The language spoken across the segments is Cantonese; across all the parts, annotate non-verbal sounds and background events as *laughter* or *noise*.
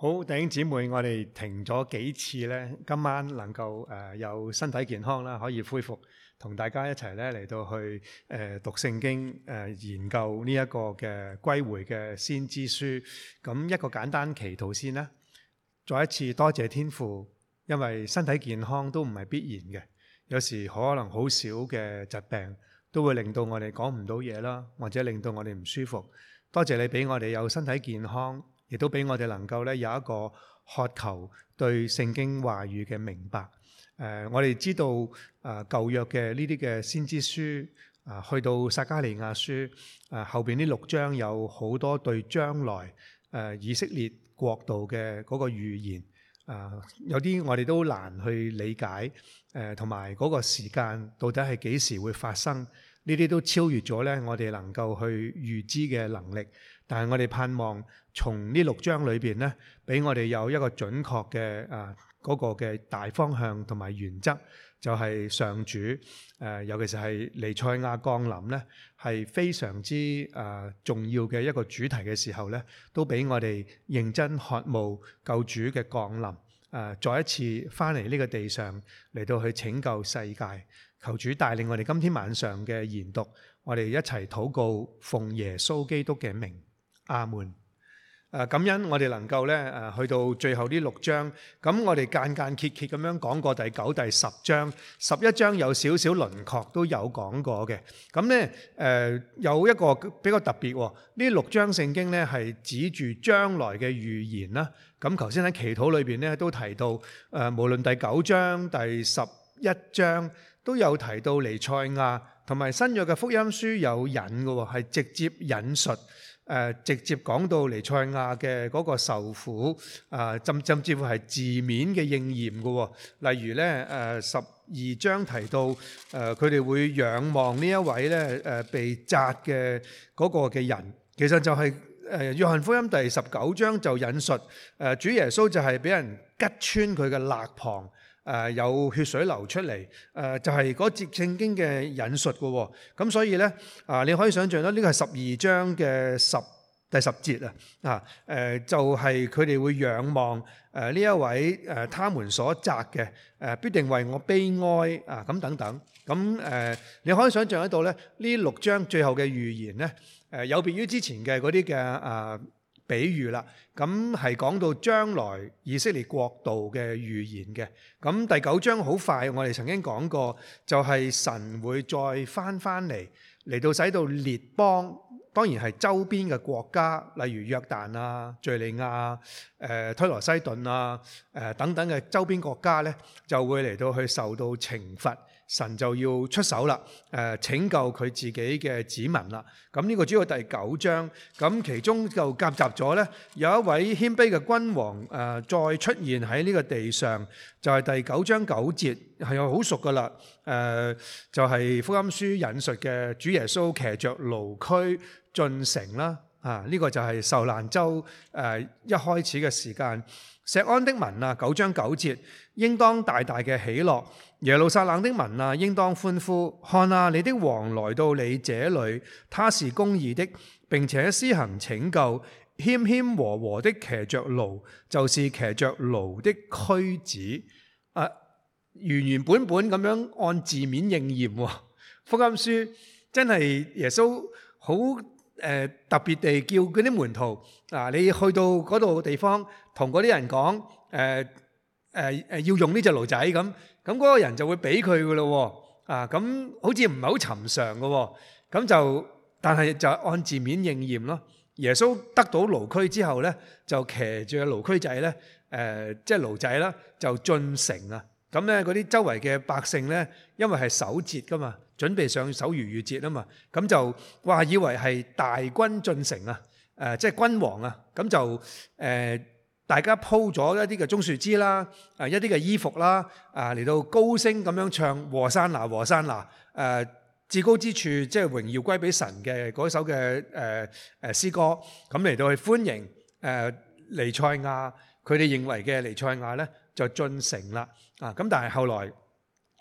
好，弟兄姊妹，我哋停咗幾次呢。今晚能夠誒有身體健康啦，可以恢復，同大家一齊呢嚟到去誒讀聖經，誒研究呢一個嘅歸回嘅先知書。咁一個簡單的祈禱先啦，再一次多謝天父，因為身體健康都唔係必然嘅，有時可能好少嘅疾病都會令到我哋講唔到嘢啦，或者令到我哋唔舒服。多謝你俾我哋有身體健康。亦都俾我哋能夠咧有一個渴求對聖經話語嘅明白。誒、呃，我哋知道誒舊、啊、約嘅呢啲嘅先知書，誒、啊、去到撒迦利亞書誒、啊、後邊呢六章有好多對將來誒、啊、以色列國度嘅嗰個預言，誒、啊、有啲我哋都難去理解，誒同埋嗰個時間到底係幾時會發生，呢啲都超越咗咧我哋能夠去預知嘅能力。但係我哋盼望從呢六章裏邊咧，俾我哋有一個準確嘅啊嗰個嘅大方向同埋原則，就係上主誒，尤其是係彌賽亞降臨咧，係非常之誒重要嘅一個主題嘅時候咧，都俾我哋認真渴慕救主嘅降臨誒，再一次翻嚟呢個地上嚟到去拯救世界，求主帶領我哋今天晚上嘅研讀，我哋一齊禱告，奉耶穌基督嘅名。阿門。誒感恩我哋能夠咧誒去到最後呢六章，咁我哋間間揭揭咁樣講過第九、第十章、十一章有少少輪廓都有講過嘅。咁咧誒有一個比較特別喎，呢六章聖經咧係指住將來嘅預言啦。咁頭先喺祈禱裏邊咧都提到誒，無論第九章、第十一章都有提到尼賽亞同埋新約嘅福音書有引嘅喎，係直接引述。誒直接講到彌賽亞嘅嗰個受苦，啊，甚甚至乎係字面嘅應驗嘅喎。例如呢，誒十二章提到，誒佢哋會仰望呢一位咧，誒被扎嘅嗰個嘅人。其實就係、是、誒約翰福音第十九章就引述，誒主耶穌就係俾人吉穿佢嘅肋旁。誒、呃、有血水流出嚟，誒、呃、就係嗰節聖經嘅引述嘅喎、哦，咁所以呢，啊、呃、你可以想象到呢個係十二章嘅十第十節啊，啊、呃、誒就係佢哋會仰望誒呢、呃、一位誒、呃、他們所責嘅誒、呃、必定為我悲哀啊，咁、呃、等等，咁、呃、誒你可以想象得到呢呢六章最後嘅預言呢，誒、呃、有別於之前嘅嗰啲嘅啊。呃比喻啦，咁係講到將來以色列國度嘅預言嘅，咁第九章好快，我哋曾經講過，就係、是、神會再翻翻嚟，嚟到使到列邦，當然係周邊嘅國家，例如約旦啊、敘利亞、呃、啊、推羅西頓啊、呃、等等嘅周邊國家呢，就會嚟到去受到懲罰。神就要出手啦，誒拯救佢自己嘅子民啦。咁、這、呢個主要第九章，咁其中就夾雜咗呢。有一位謙卑嘅君王誒再出現喺呢個地上，就係、是、第九章九節，係好熟噶啦。誒就係、是、福音書引述嘅主耶穌騎着驢駒進城啦。啊，呢、這個就係受難週誒一開始嘅時間。錫安的民啊，九章九節。應當大大嘅喜樂，耶路撒冷的民啊，應當歡呼，看啊，你的王來到你這裏，他是公義的，並且施行拯救，謙謙和和的騎着驢，就是騎着驢的駒子。啊，原原本本咁樣按字面應驗、哦、福音書真係耶穌好誒特別地叫嗰啲門徒啊，你去到嗰度地方，同嗰啲人講誒。呃誒、呃、誒要用呢隻驢仔咁，咁嗰個人就會俾佢噶咯喎，啊咁好似唔係好尋常噶喎，咁就但係就按字面應驗咯。耶穌得到驢駒之後咧，就騎住個驢駒仔咧，誒、呃、即係驢仔啦，就進城啊。咁咧嗰啲周圍嘅百姓咧，因為係守節噶嘛，準備上守逾越節啊嘛，咁就話以為係大軍進城啊，誒、呃、即係君王啊，咁就誒。呃大家鋪咗一啲嘅棕樹枝啦，誒一啲嘅衣服啦，啊嚟到高聲咁樣唱和山拿，和山拿，誒至高之處即係榮耀歸俾神嘅嗰首嘅誒誒詩歌，咁嚟到去歡迎誒尼賽亞，佢哋認為嘅尼賽亞咧就進城啦，啊咁但係後來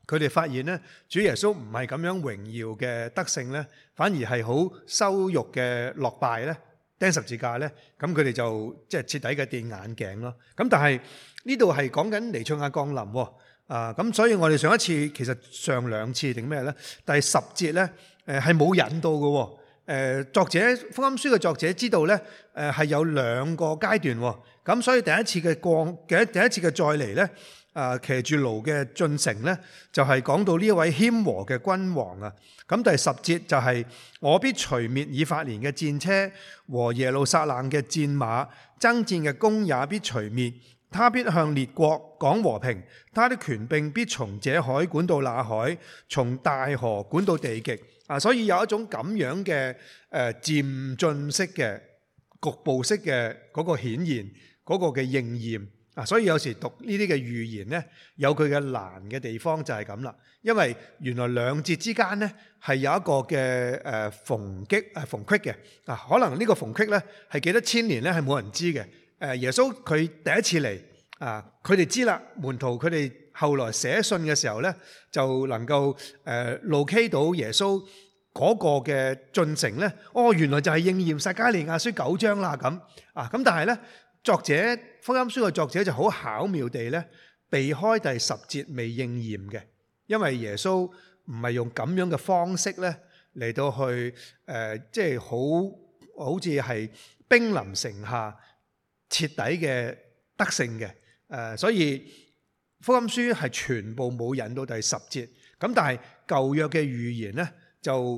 佢哋發現咧，主耶穌唔係咁樣榮耀嘅得勝咧，反而係好羞辱嘅落敗咧。釘十字架咧，咁佢哋就即係徹底嘅跌眼鏡咯。咁但係呢度係講緊彌賽亞嘅降臨喎，啊咁，所以我哋上一次其實上兩次定咩咧？第十節咧，誒係冇引到嘅。誒作者福音書嘅作者知道咧，誒係有兩個階段喎。咁所以第一次嘅降，嘅第一次嘅再嚟咧。啊！騎住驢嘅進城呢，就係講到呢位謙和嘅君王啊！咁第十節就係我必除滅以法蓮嘅戰車和耶路撒冷嘅戰馬，爭戰嘅弓也必除滅。他必向列國講和平，他的權柄必從這海管到那海，從大河管到地極。啊！所以有一種咁樣嘅誒漸進式嘅局部式嘅嗰個顯現，嗰個嘅應驗。啊，所以有時讀呢啲嘅預言咧，有佢嘅難嘅地方就係咁啦。因為原來兩節之間咧係有一個嘅誒逢擊誒逢隙嘅啊，可能呢個逢隙咧係幾多千年咧係冇人知嘅。誒耶穌佢第一次嚟啊，佢哋知啦，門徒佢哋後來寫信嘅時候咧，就能夠誒 locate 到耶穌嗰個嘅進程咧。哦，原來就係應驗撒迦利亞書九章啦咁啊。咁但係咧作者。福音書嘅作者就好巧妙地咧，避開第十節未應驗嘅，因為耶穌唔係用咁樣嘅方式咧嚟到去誒，即係好好似係兵臨城下、徹底嘅得勝嘅誒，所以福音書係全部冇引到第十節。咁但係舊約嘅預言咧，就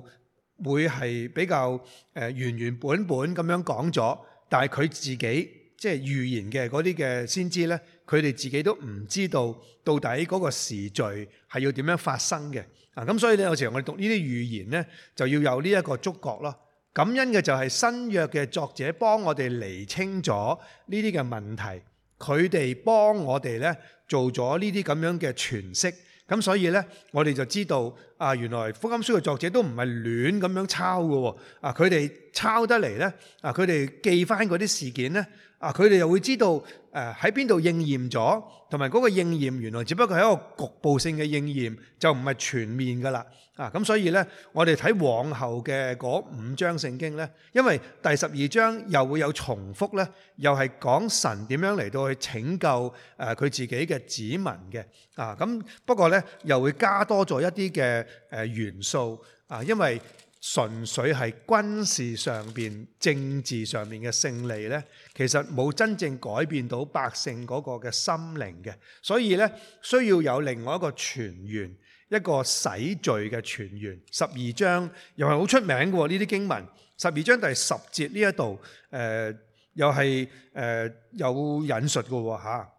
會係比較誒原原本本咁樣講咗，但係佢自己。即係預言嘅嗰啲嘅先知咧，佢哋自己都唔知道到底嗰個時序係要點樣發生嘅啊！咁所以咧，有時候我哋讀呢啲預言咧，就要有呢一個觸覺咯。感恩嘅就係新約嘅作者幫我哋釐清咗呢啲嘅問題，佢哋幫我哋咧做咗呢啲咁樣嘅詮釋。咁、啊、所以咧，我哋就知道啊，原來福音書嘅作者都唔係亂咁樣抄嘅喎啊！佢哋抄得嚟咧啊，佢哋記翻嗰啲事件咧。啊！佢哋又會知道，誒喺邊度應驗咗，同埋嗰個應驗原來只不過係一個局部性嘅應驗，就唔係全面噶啦。啊！咁所以呢，我哋睇往後嘅嗰五章聖經呢，因為第十二章又會有重複呢，又係講神點樣嚟到去拯救誒佢、呃、自己嘅子民嘅。啊！咁不過呢，又會加多咗一啲嘅誒元素啊，因為。純粹係軍事上邊、政治上面嘅勝利呢，其實冇真正改變到百姓嗰個嘅心靈嘅，所以呢，需要有另外一個泉源，一個洗罪嘅泉源。十二章又係好出名嘅喎，呢啲經文。十二章第十節呢一度，誒、呃、又係誒、呃、有引述嘅喎嚇。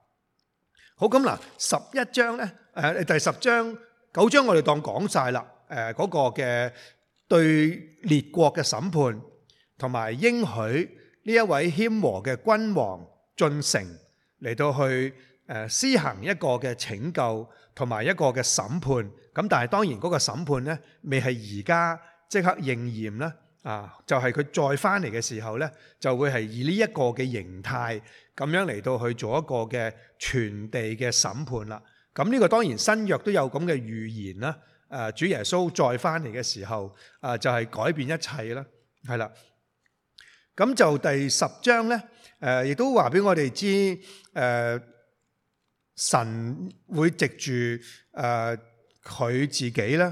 好咁嗱，那十一章呢，誒第十章、九章我哋當講晒啦，誒、呃、嗰、那個嘅。對列國嘅審判，同埋應許呢一位謙和嘅君王進城嚟到去誒施行一個嘅拯救，同埋一個嘅審判。咁但係當然嗰個審判呢，未係而家即刻應驗啦。啊，就係佢再翻嚟嘅時候呢，就會係以呢一個嘅形態，咁樣嚟到去做一個嘅全地嘅審判啦。咁呢個當然新約都有咁嘅預言啦。誒主耶穌再翻嚟嘅時候，誒就係改變一切啦，係啦。咁就第十章咧，誒亦都話俾我哋知，誒神會藉住誒佢自己咧，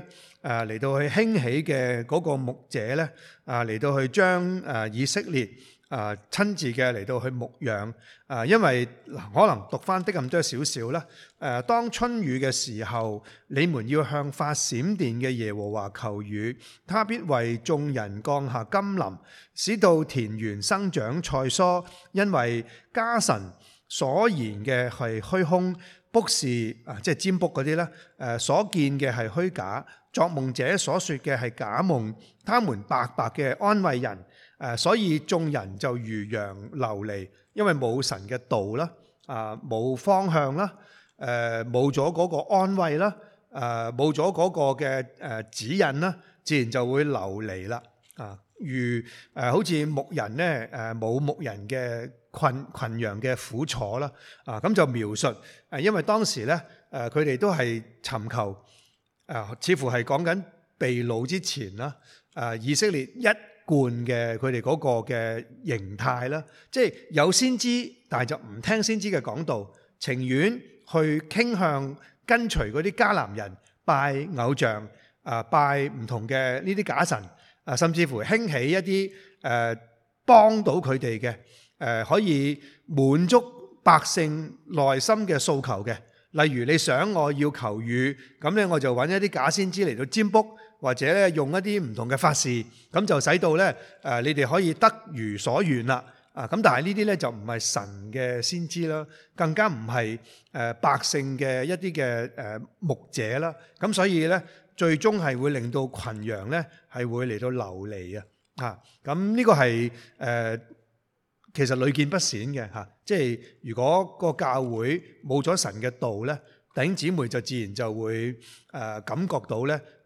誒嚟到去興起嘅嗰個牧者咧，啊嚟到去將誒以色列。啊，親自嘅嚟到去牧養啊，因為、啊、可能讀翻啲咁多少少啦。誒、啊，當春雨嘅時候，你們要向發閃電嘅耶和華求雨，他必為眾人降下甘霖，使到田園生長菜蔬。因為家神所言嘅係虛空，卜士啊，即係占卜嗰啲呢，誒、啊、所見嘅係虛假，作夢者所說嘅係假夢，他們白白嘅安慰人。誒，所以眾人就如羊流離，因為冇神嘅道啦，啊，冇方向啦，誒，冇咗嗰個安慰啦，誒，冇咗嗰個嘅誒指引啦，自然就會流離啦，啊，如誒好似牧人呢，誒冇牧人嘅羣羣羊嘅苦楚啦，啊，咁就描述誒，因為當時呢，誒佢哋都係尋求，誒，似乎係講緊被擄之前啦，誒，以色列一。冠嘅佢哋嗰個嘅形態啦，即、就、係、是、有先知，但係就唔聽先知嘅講道，情願去傾向跟隨嗰啲迦南人拜偶像啊，拜唔同嘅呢啲假神啊，甚至乎興起一啲誒、呃、幫到佢哋嘅誒，可以滿足百姓內心嘅訴求嘅，例如你想我要求雨，咁咧我就揾一啲假先知嚟到占卜。或者咧用一啲唔同嘅法事，咁就使到咧，誒你哋可以得如所願啦，啊咁！但係呢啲咧就唔係神嘅先知啦，更加唔係誒百姓嘅一啲嘅誒牧者啦。咁所以咧，最終係會令到羣羊咧係會嚟到流離啊！啊，咁呢個係誒其實屢見不鮮嘅嚇，即係如果個教會冇咗神嘅道咧，弟兄姊妹就自然就會誒感覺到咧。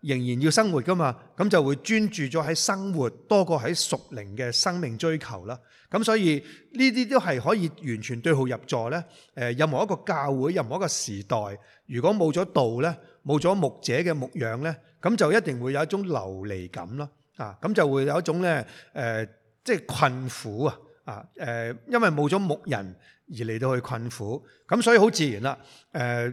仍然要生活噶嘛，咁就會專注咗喺生活多過喺屬靈嘅生命追求啦。咁所以呢啲都係可以完全對號入座呢。任何一個教會，任何一個時代，如果冇咗道呢，冇咗牧者嘅牧養呢，咁就一定會有一種流離感咯。啊，咁就會有一種呢，即、呃、係、就是、困苦啊。啊、呃，因為冇咗牧人而嚟到去困苦。咁所以好自然啦。呃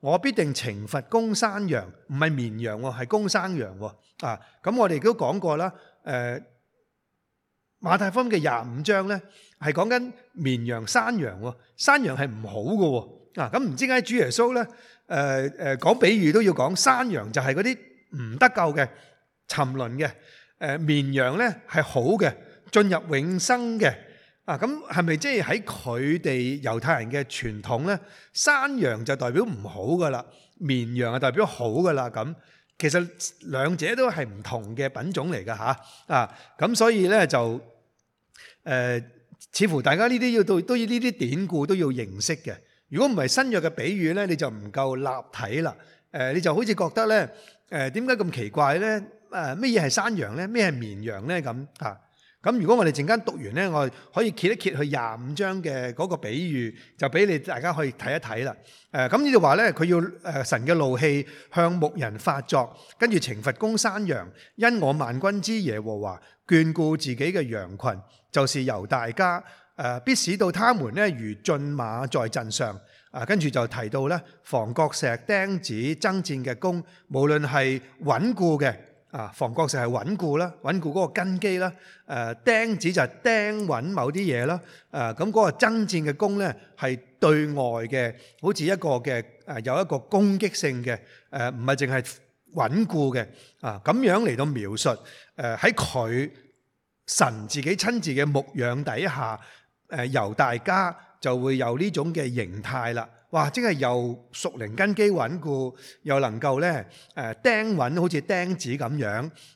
我必定懲罰公山羊，唔係綿羊喎，係公山羊喎。啊，咁我哋都講過啦。誒，馬太福音嘅廿五章咧，係講緊綿羊、山羊喎。山羊係唔好嘅喎。啊，咁唔知點解主耶穌咧，誒誒講比喻都要講山羊就係嗰啲唔得救嘅沉淪嘅，誒綿羊咧係好嘅，進入永生嘅。啊，咁係咪即係喺佢哋猶太人嘅傳統咧？山羊就代表唔好噶啦，綿羊啊代表好噶啦。咁其實兩者都係唔同嘅品種嚟㗎。啊，咁、啊、所以咧就、呃、似乎大家呢啲要對都要呢啲典故都要認識嘅。如果唔係新約嘅比喻咧，你就唔夠立體啦、呃。你就好似覺得咧，誒點解咁奇怪咧？誒咩嘢係山羊咧？咩係綿羊咧？咁、啊咁如果我哋陣間讀完呢，我可以揭一揭去廿五章嘅嗰個比喻，就俾你大家可以睇一睇啦。誒、呃，咁呢度話呢，佢要、呃、神嘅怒氣向牧人發作，跟住懲罰公山羊，因我萬軍之耶和華眷顧自己嘅羊群，就是由大家、呃、必使到他們呢，如駿馬在陣上。啊，跟住就提到呢，房角石釘子爭戰嘅弓，無論係穩固嘅。啊，房角石係穩固啦，穩固嗰個根基啦。誒，釘子就係釘穩某啲嘢啦。誒咁嗰個爭戰嘅弓咧，係對外嘅，好似一個嘅誒有一個攻擊性嘅誒，唔係淨係穩固嘅。啊，咁樣嚟到描述誒喺佢神自己親自嘅牧養底下，誒猶大家就會有呢種嘅形態啦。哇！即係又屬靈根基穩固，又能夠咧誒、呃、釘穩，好似釘子咁樣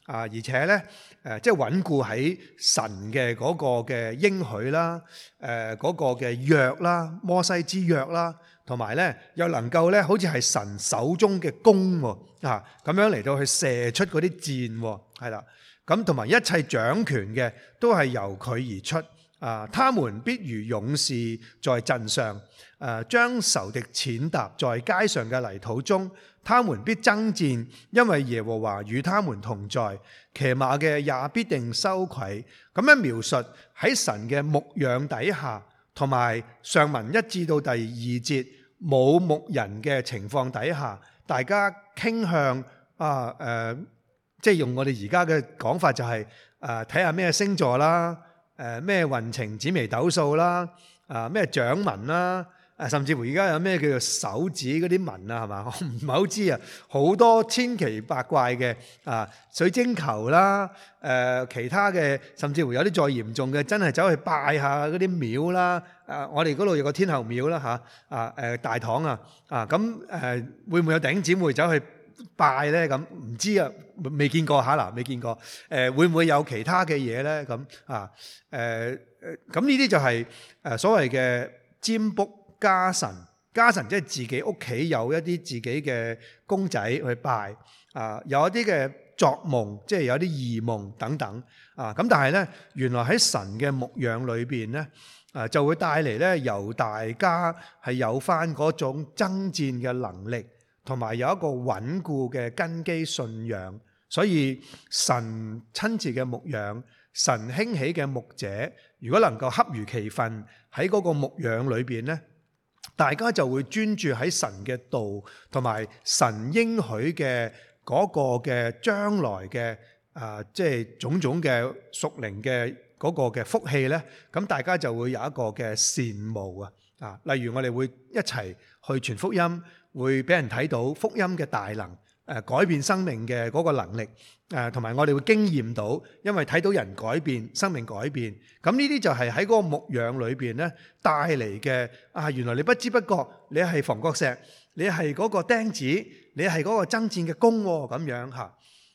啊、呃！而且咧、呃、即係穩固喺神嘅嗰個嘅應許啦，嗰、呃嗰個嘅約啦，摩西之約啦，同埋咧又能夠咧，好似係神手中嘅弓啊，咁樣嚟到去射出嗰啲箭，係、啊、啦。咁同埋一切掌權嘅都係由佢而出。啊！他們必如勇士在陣上，誒、啊、將仇敵踐踏在街上嘅泥土中。他們必爭戰，因為耶和華與他們同在。騎馬嘅也必定羞愧。咁樣描述喺神嘅牧養底下，同埋上文一至到第二節冇牧人嘅情況底下，大家傾向啊誒、呃，即係用我哋而家嘅講法就係誒睇下咩星座啦。誒咩運程紫微斗數啦，啊咩掌紋啦，啊甚至乎而家有咩叫做手指嗰啲紋啊，係嘛？我唔係好知啊，好多千奇百怪嘅啊水晶球啦，誒其他嘅，甚至乎有啲再嚴重嘅，真係走去拜下嗰啲廟啦。啊，我哋嗰度有個天后廟啦嚇，啊誒大堂啊，啊咁誒會唔會有頂子會走去？拜咧，咁唔知啊？未見過吓嗱，未見過。誒、啊呃、會唔會有其他嘅嘢咧？咁啊咁呢啲就係所謂嘅占卜家神，家神即係自己屋企有一啲自己嘅公仔去拜啊，有一啲嘅作夢，即係有啲異夢等等啊。咁但係咧，原來喺神嘅牧養裏面咧，啊就會帶嚟咧，由大家係有翻嗰種爭戰嘅能力。同埋有一個穩固嘅根基信仰，所以神親自嘅牧養，神興起嘅牧者，如果能夠恰如其分喺嗰個牧養裏邊咧，大家就會專注喺神嘅道，同埋神應許嘅嗰個嘅將來嘅啊，即係種種嘅屬靈嘅嗰個嘅福氣咧，咁大家就會有一個嘅羨慕啊！啊，例如我哋會一齊去傳福音。會俾人睇到福音嘅大能，誒改變生命嘅嗰個能力，誒同埋我哋會經驗到，因為睇到人改變，生命改變，咁呢啲就係喺嗰個牧養裏邊咧帶嚟嘅。啊，原來你不知不覺你係房角石，你係嗰個釘子，你係嗰個爭戰嘅弓喎，咁樣嚇。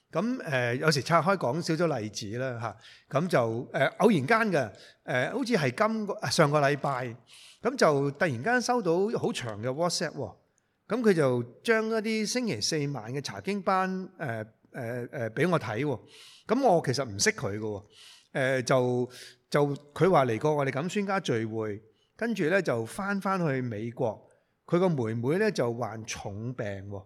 咁誒有時拆開講少少例子啦嚇。咁就誒偶然間嘅誒，好似係今個上個禮拜，咁就突然間收到好長嘅 WhatsApp 喎。咁佢就將一啲星期四晚嘅查經班，誒誒誒俾我睇喎、哦。咁我其實唔識佢嘅喎。就，就佢話嚟過我哋咁孫家聚會，跟住呢就翻翻去美國。佢個妹妹呢就患重病、哦，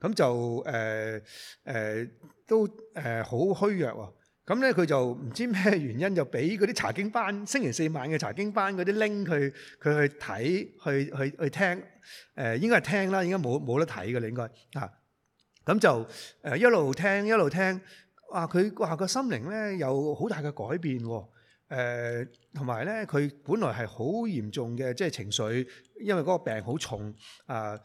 咁就誒誒、呃呃、都誒好虛弱喎、哦。咁咧佢就唔知咩原因，就俾嗰啲查經班，星期四晚嘅查經班嗰啲拎佢，佢去睇去去去，去聽，誒應該係聽啦，應該冇冇得睇嘅，你應該嚇咁就、呃、一路聽一路聽，話佢，啊、個心靈咧有好大嘅改變喎。同埋咧佢本來係好嚴重嘅即係情緒，因為嗰個病好重啊。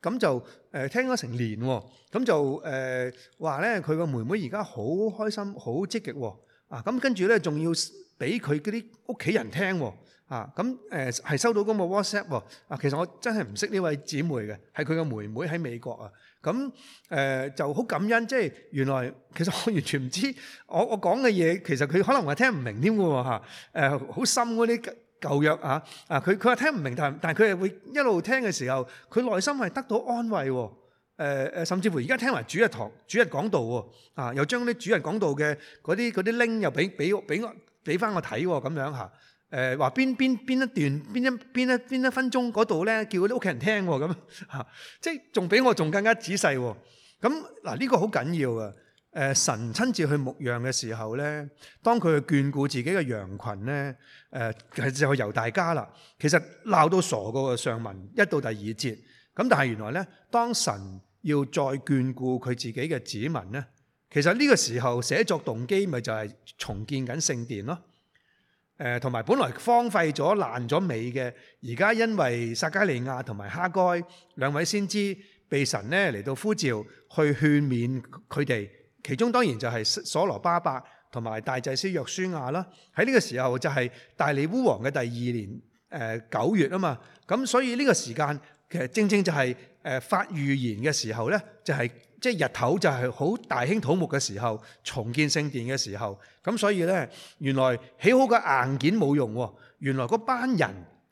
咁就誒聽咗成年喎，咁就誒話咧佢個妹妹而家好開心，好積極喎啊！咁跟住咧仲要俾佢嗰啲屋企人聽喎啊！咁誒係收到嗰個 WhatsApp 喎啊！其實我真係唔識呢位姊妹嘅，係佢個妹妹喺美國啊！咁誒就好感恩，即係原來其實我完全唔知我我講嘅嘢其實佢可能話聽唔明添嘅嚇誒，好深嗰啲。舊約啊，啊佢佢話聽唔明，但但佢係會一路聽嘅時候，佢內心係得到安慰。誒、啊、甚至乎而家聽埋主日堂，主日講道喎，啊又將啲主日講道嘅嗰啲拎啲 link 又俾俾俾俾翻我睇喎，咁樣吓誒話邊邊邊一段邊一邊一邊一分鐘嗰度咧，叫啲屋企人聽喎，咁、啊啊、即係仲比我仲更加仔細喎。咁嗱呢個好緊要啊！啊這個誒、呃，神親自去牧羊嘅時候呢，當佢去眷顧自己嘅羊群呢誒，係、呃、就去猶大家啦。其實鬧到傻個上文，一到第二節，咁但係原來呢，當神要再眷顧佢自己嘅子民呢，其實呢個時候寫作動機咪就係重建緊聖殿咯。誒、呃，同埋本來荒廢咗、爛咗尾嘅，而家因為撒迦利亞同埋哈該兩位先知被神呢嚟到呼召去勸勉佢哋。其中當然就係所羅巴伯同埋大祭司約書亞啦，喺呢個時候就係大利烏王嘅第二年誒、九、呃、月啊嘛，咁所以呢個時間其實正正就係誒發預言嘅時候呢，就係即係日頭就係好大興土木嘅時候，重建聖殿嘅時候，咁所以呢，原來起好個硬件冇用喎，原來嗰班人。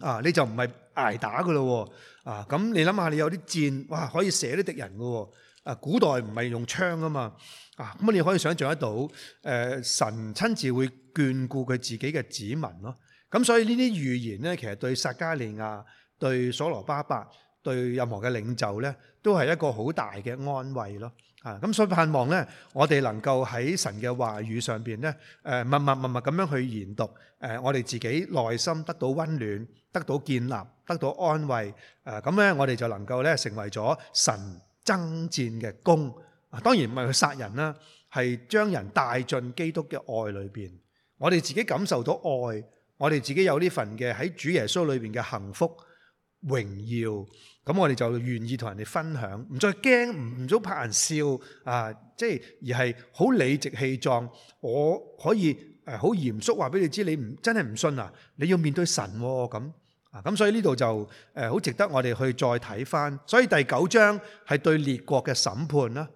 啊！你就唔係挨打嘅咯喎！啊咁，你諗下你有啲箭，哇可以射啲敵人嘅喎！啊古代唔係用槍啊嘛！啊咁你可以想象得到，呃、神親自會眷顧佢自己嘅子民咯。咁、啊、所以呢啲預言呢，其實對撒迦利亞、對所羅巴伯、對任何嘅領袖呢，都係一個好大嘅安慰咯。啊！咁所以盼望咧，我哋能夠喺神嘅話語上邊咧，誒默默默默咁樣去研讀，誒我哋自己內心得到溫暖，得到建立，得到安慰。誒咁咧，我哋就能夠咧成為咗神爭戰嘅功。啊，當然唔係去殺人啦，係將人帶進基督嘅愛裏邊。我哋自己感受到愛，我哋自己有呢份嘅喺主耶穌裏邊嘅幸福榮耀。咁我哋就願意同人哋分享，唔再驚，唔唔想拍人笑啊！即係而係好理直氣壯，我可以誒好嚴肅話俾你知，你唔真係唔信啊！你要面對神喎咁啊！咁所以呢度就誒好值得我哋去再睇翻。所以第九章係對列國嘅審判啦，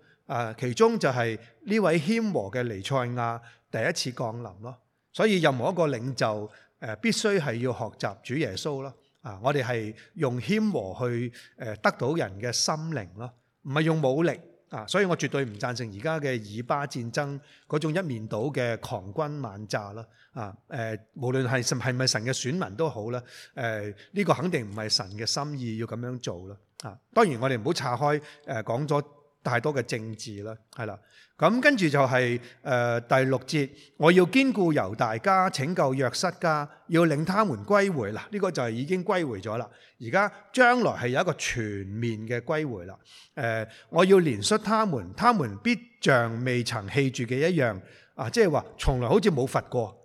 誒其中就係呢位謙和嘅彌賽亞第一次降臨咯。所以任何一個領袖誒必須係要學習主耶穌咯。啊！我哋係用謙和去誒得到人嘅心靈咯，唔係用武力啊！所以我絕對唔贊成而家嘅以巴戰爭嗰種一面倒嘅狂轟猛炸咯啊！誒、啊，無論係係咪神嘅選民都好啦，誒、啊、呢、呢個肯定唔係神嘅心意要咁樣做啦啊！當然我哋唔好岔開誒、啊、講咗。太多嘅政治啦，係啦，咁跟住就係、是、誒、呃、第六節，我要兼顧猶大家，拯救約瑟家，要令他們歸回啦。呢、這個就已經歸回咗啦。而家將來係有一個全面嘅歸回啦。誒、呃，我要憐恤他們，他們必像未曾棄住嘅一樣啊！即係話從來好似冇罰過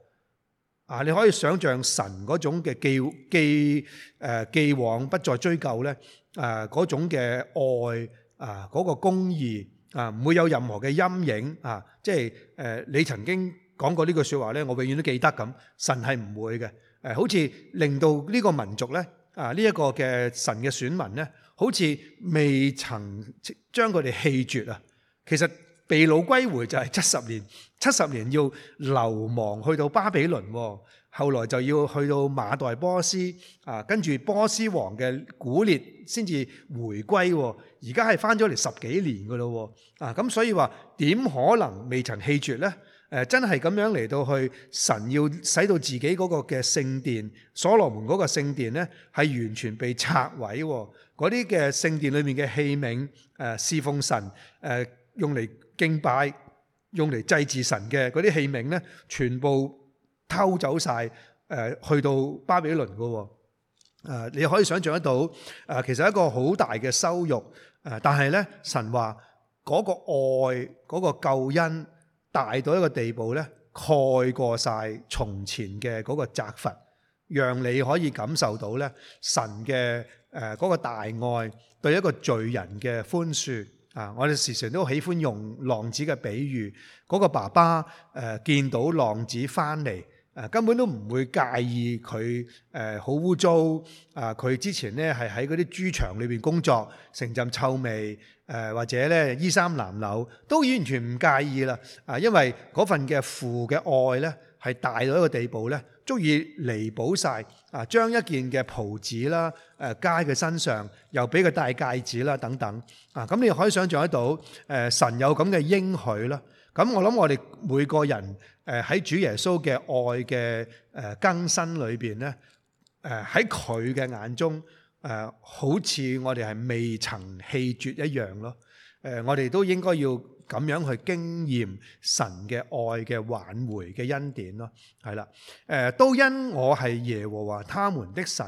啊！你可以想象神嗰種嘅既既誒、呃、既往不再追究呢誒嗰、呃、種嘅愛。啊！嗰、那個公義啊，唔會有任何嘅陰影啊！即係誒、呃，你曾經講過呢句說話呢，我永遠都記得咁。神係唔會嘅誒、啊，好似令到呢個民族呢，啊，呢、這、一個嘅神嘅選民呢，好似未曾將佢哋棄絕啊！其實被擄歸回就係七十年，七十年要流亡去到巴比倫。啊！後來就要去到馬代波斯啊，跟住波斯王嘅古列先至回歸。而家係翻咗嚟十幾年噶咯喎啊！咁、啊、所以話點可能未曾棄絕呢？誒、啊，真係咁樣嚟到去神要使到自己嗰個嘅聖殿，所羅門嗰個聖殿呢，係完全被拆毀。嗰啲嘅聖殿裏面嘅器皿誒，侍、啊、奉神誒、啊、用嚟敬拜、用嚟祭祀神嘅嗰啲器皿呢，全部，偷走晒誒，去到巴比倫嘅，誒，你可以想象得到，誒，其實一個好大嘅羞辱，誒，但係咧，神話嗰個愛，嗰個救恩大到一個地步咧，蓋過晒從前嘅嗰個責罰，讓你可以感受到咧，神嘅誒嗰個大愛對一個罪人嘅寬恕啊！我哋時常都喜歡用浪子嘅比喻，嗰個爸爸誒見到浪子翻嚟。誒根本都唔會介意佢誒好污糟啊！佢之前咧係喺嗰啲豬場裏邊工作，成陣臭味誒，或者咧衣衫襤褸，都完全唔介意啦！啊，因為嗰份嘅父嘅愛咧，係大到一個地步咧，足以彌補晒啊！將一件嘅袍子啦誒，加佢身上，又俾佢戴戒指啦等等啊！咁你可以想象得到誒，神有咁嘅應許啦！咁我諗我哋每個人。誒喺主耶穌嘅愛嘅誒更新裏邊咧，誒喺佢嘅眼中誒好似我哋係未曾棄絕一樣咯。誒我哋都應該要咁樣去經驗神嘅愛嘅挽回嘅恩典咯。係啦，誒都因我係耶和華他們的神，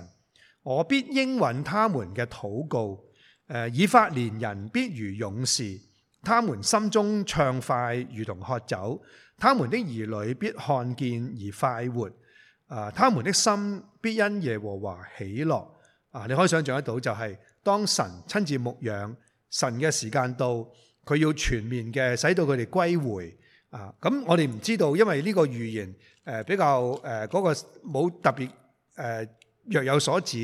我必應允他們嘅禱告。誒以法蓮人必如勇士，他們心中暢快如同喝酒。他們的兒女必看見而快活，啊！他們的心必因耶和華喜樂，啊！你可以想象得到，到，就係當神親自牧養，神嘅時間到，佢要全面嘅使到佢哋歸回，啊！咁、嗯、我哋唔知道，因為呢個預言誒、呃、比較誒嗰、呃那個冇特別誒、呃、若有所指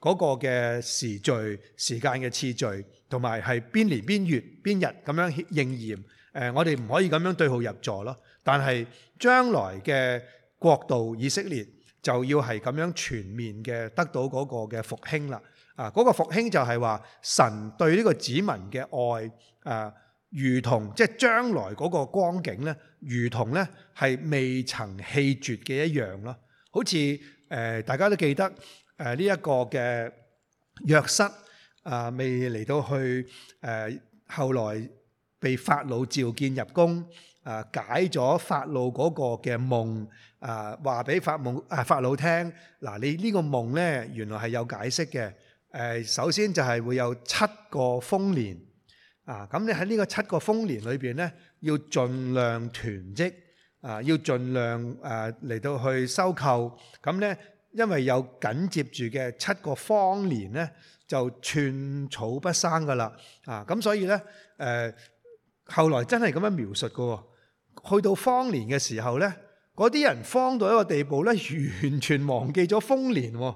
嗰、那個嘅時序、時間嘅次序，同埋係邊年邊月邊日咁樣應驗，誒、呃、我哋唔可以咁樣對號入座咯。但係將來嘅國度以色列就要係咁樣全面嘅得到嗰個嘅復興啦！啊，嗰、那個復興就係話神對呢個子民嘅愛，誒、啊、如同即係將來嗰個光景呢，如同呢係未曾棄絕嘅一樣咯。好似誒、呃、大家都記得誒呢一個嘅約失啊，未嚟到去誒、啊、後來被法老召見入宮。啊！解咗法老嗰個嘅夢啊，話俾法夢啊法老聽。嗱，你呢個夢咧，原來係有解釋嘅。誒，首先就係會有七個豐年啊。咁你喺呢個七個豐年裏邊咧，要儘量囤積啊，要儘量誒嚟到去收購。咁咧，因為有緊接住嘅七個荒年咧，就寸草不生噶啦。啊，咁所以咧誒，後來真係咁樣描述嘅喎。去到荒年嘅時候呢，嗰啲人荒到一個地步呢，完全忘記咗豐年喎。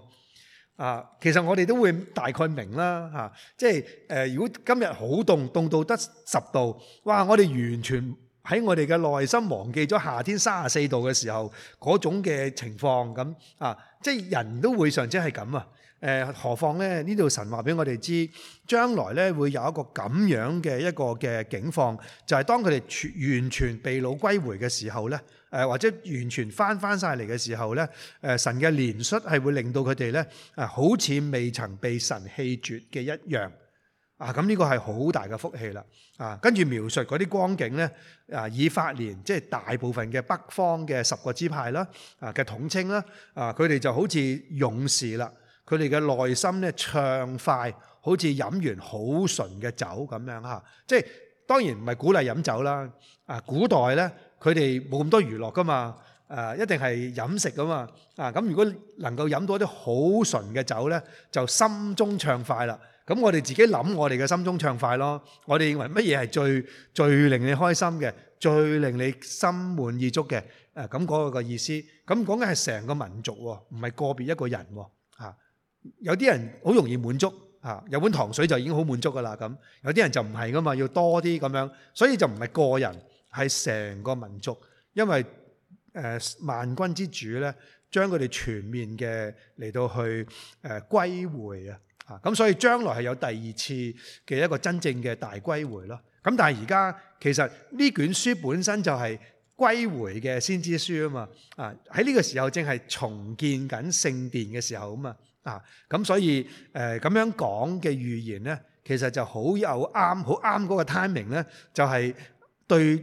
啊，其實我哋都會大概明啦，嚇，即係誒，如果今日好凍，凍到得十度，哇！我哋完全喺我哋嘅內心忘記咗夏天三十四度嘅時候嗰種嘅情況咁啊，即係人都會常即係咁啊。誒，何況咧？呢度神話俾我哋知，將來咧會有一個咁樣嘅一個嘅境況，就係當佢哋全完全被擄歸回嘅時候咧、呃，或者完全翻翻晒嚟嘅時候咧、呃，神嘅憐恤係會令到佢哋咧好似未曾被神棄絕嘅一樣啊！咁呢個係好大嘅福氣啦啊！跟住描述嗰啲光景咧，啊，以法蓮即係大部分嘅北方嘅十個支派啦，啊嘅統稱啦，啊佢哋就好似勇士啦。佢哋嘅內心咧暢快，好似飲完好純嘅酒咁樣嚇。即係當然唔係鼓勵飲酒啦。啊，古代咧佢哋冇咁多娛樂噶嘛，啊一定係飲食噶嘛。啊咁，如果能夠飲到一啲好純嘅酒咧，就心中暢快啦。咁我哋自己諗，我哋嘅心中暢快咯。我哋認為乜嘢係最最令你開心嘅，最令你心滿意足嘅？誒咁嗰個嘅意思。咁講緊係成個民族喎，唔係個別一個人喎。有啲人好容易滿足嚇，有碗糖水就已經好滿足噶啦咁。有啲人就唔係噶嘛，要多啲咁樣。所以就唔係個人，係成個民族。因為誒、呃、萬軍之主咧，將佢哋全面嘅嚟到去誒歸、呃、回啊！啊咁，所以將來係有第二次嘅一個真正嘅大歸回咯。咁、啊、但係而家其實呢卷書本身就係歸回嘅先知書啊嘛。啊喺呢個時候正係重建緊聖殿嘅時候啊嘛。啊，咁所以誒咁、呃、樣講嘅預言呢，其實就好有啱，好啱嗰個 timing 呢，就係、是、對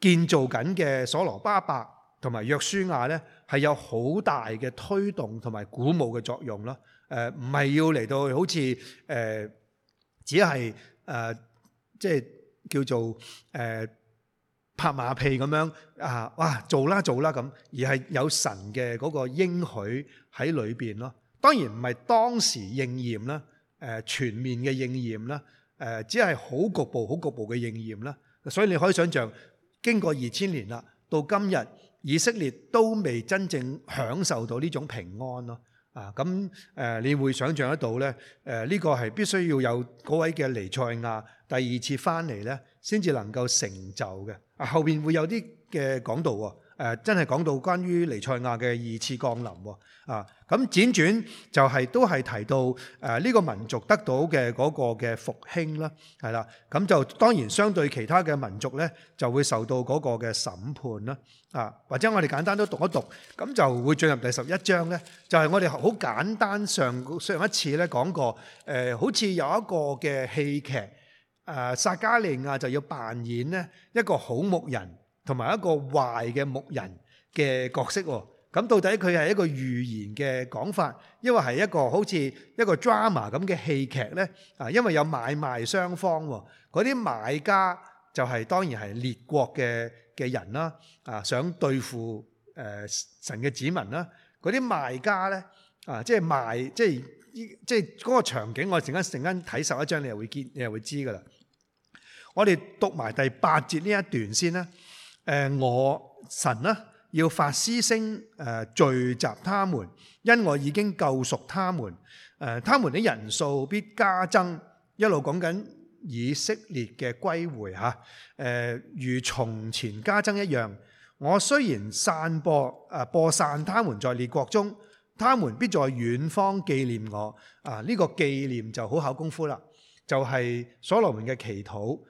建造緊嘅所羅巴伯同埋約書亞呢，係有好大嘅推動同埋鼓舞嘅作用咯。誒唔係要嚟到好似誒、呃、只係誒、呃、即係叫做誒、呃、拍馬屁咁樣啊！哇，做啦做啦咁，而係有神嘅嗰個應許喺裏邊咯。當然唔係當時應驗啦，誒、呃、全面嘅應驗啦，誒、呃、只係好局部、好局部嘅應驗啦。所以你可以想像，經過二千年啦，到今日以色列都未真正享受到呢種平安咯。啊，咁、啊、誒、啊，你會想象得到呢，誒、啊、呢、這個係必須要有嗰位嘅彌賽亞第二次翻嚟呢，先至能夠成就嘅、啊。後邊會有啲嘅講道喎。啊。誒，真係講到關於彌賽亞嘅二次降臨喎，啊，咁輾轉就係都係提到誒呢個民族得到嘅嗰個嘅復興啦，係啦，咁就當然相對其他嘅民族咧就會受到嗰個嘅審判啦，啊，或者我哋簡單都讀一讀，咁就會進入第十一章咧，就係我哋好簡單上上一次咧講過，誒，好似有一個嘅戲劇，誒，撒迦利亞就要扮演咧一個好牧人。同埋一個壞嘅牧人嘅角色喎，咁到底佢係一個預言嘅講法，抑或係一個好似一個 drama 咁嘅戲劇呢？啊，因為有買賣雙方喎，嗰啲買家就係當然係列國嘅嘅人啦，啊，想對付神嘅子民啦，嗰啲賣家呢，啊，即係賣，即係即係嗰個場景，我陣間陣間睇十一章，你就會見，你就會知噶啦。我哋讀埋第八節呢一段先啦。誒、呃、我神啦、啊，要發嘶聲誒聚集他們，因我已經救贖他們。誒、呃、他們的人數必加增，一路講緊以色列嘅歸回嚇。誒、啊呃、如從前加增一樣，我雖然散播誒、呃、播散他們在列國中，他們必在遠方紀念我。啊，呢、這個紀念就好考功夫啦，就係、是、所羅門嘅祈禱。誒、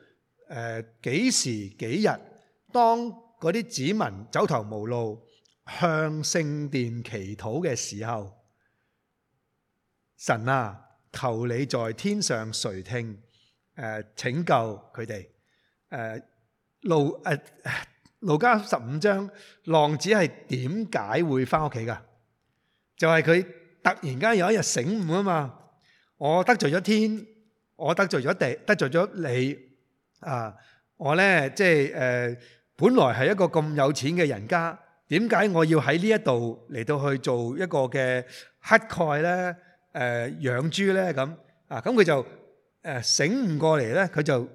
呃、幾時幾日？當嗰啲子民走投無路，向聖殿祈禱嘅時候，神啊，求你在天上垂聽，誒，拯救佢哋。誒，路誒路加十五章，浪子係點解會翻屋企噶？就係佢突然間有一日醒悟啊嘛，我得罪咗天，我得罪咗地，得罪咗你啊！我咧即係誒。本來係一個咁有錢嘅人家，點解我要喺呢一度嚟到去做一個嘅乞丐呢？誒，養豬呢咁啊！咁佢就誒醒悟過嚟呢，佢就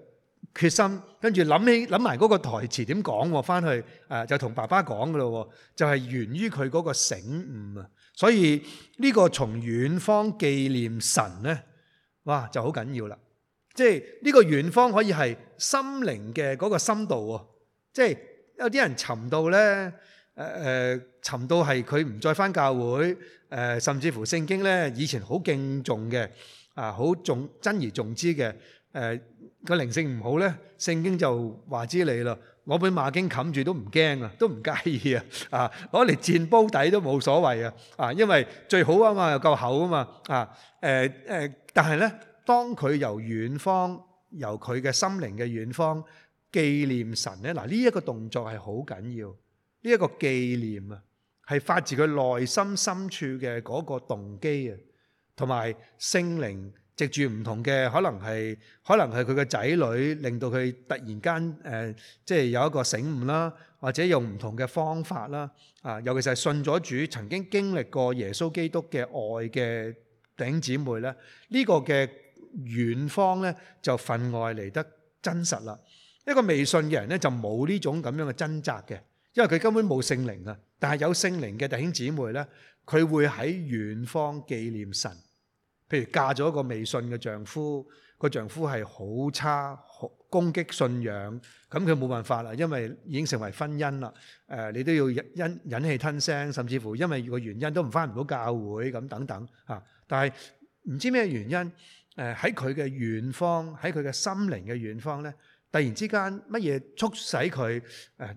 決心，跟住諗起諗埋嗰個台詞點講翻去誒，就同爸爸講噶咯，就係源於佢嗰個醒悟啊！所以呢個從遠方紀念神呢，哇，就好緊要啦！即係呢個遠方可以係心靈嘅嗰個深度啊！即係有啲人沉到咧，誒、呃、沉到係佢唔再返教會、呃，甚至乎聖經咧以前好敬重嘅，啊好重珍而重之嘅，誒個靈性唔好咧，聖經就話之你啦。攞本馬經冚住都唔驚啊，都唔介意啊，啊攞嚟煎煲底都冇所謂啊，啊因為最好啊嘛，又夠厚啊嘛，啊、呃、但係咧當佢由遠方，由佢嘅心靈嘅遠方，紀念神咧，嗱呢一個動作係好緊要，呢一個紀念啊，係發自佢內心深處嘅嗰個動機啊，同埋聖靈藉住唔同嘅，可能係可能係佢嘅仔女，令到佢突然間誒，即係有一個醒悟啦，或者用唔同嘅方法啦，啊，尤其是係信咗主，曾經經歷過耶穌基督嘅愛嘅弟兄姊妹咧，呢個嘅遠方咧，就份外嚟得真實啦。一個未信嘅人咧，就冇呢種咁樣嘅掙扎嘅，因為佢根本冇聖靈啊。但係有聖靈嘅弟兄姊妹咧，佢會喺遠方紀念神。譬如嫁咗一個未信嘅丈夫，個丈夫係好差，好攻擊信仰，咁佢冇辦法啦，因為已經成為婚姻啦。誒，你都要忍忍氣吞聲，甚至乎因為個原因都唔返唔到教會咁等等啊。但係唔知咩原因，誒喺佢嘅遠方，喺佢嘅心靈嘅遠方咧。突然之間，乜嘢促使佢？誒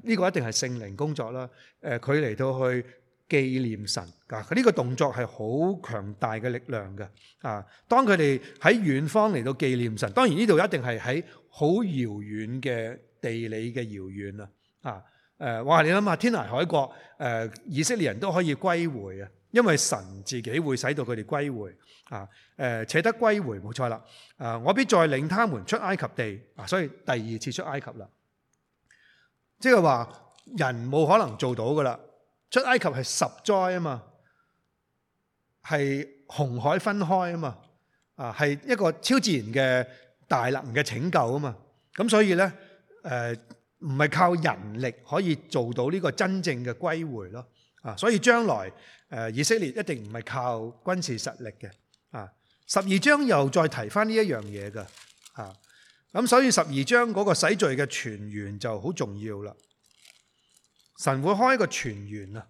呢個一定係聖靈工作啦。誒佢嚟到去紀念神，佢、這、呢個動作係好強大嘅力量嘅。啊，當佢哋喺遠方嚟到紀念神，當然呢度一定係喺好遙遠嘅地理嘅遙遠啊。啊誒，哇！你諗下天涯海角，誒以色列人都可以歸回啊！因為神自己會使到佢哋歸回啊，誒，且得歸回冇錯啦。誒，我必再領他們出埃及地，所以第二次出埃及啦。即係話人冇可能做到噶啦，出埃及係十災啊嘛，係紅海分開啊嘛，啊係一個超自然嘅大能嘅拯救啊嘛。咁所以呢，誒唔係靠人力可以做到呢個真正嘅歸回咯。啊，所以將來。以色列一定唔係靠軍事實力嘅啊！十二章又再提返呢一樣嘢嘅啊，咁所以十二章嗰個洗罪嘅泉源就好重要啦。神會開一個泉源啊，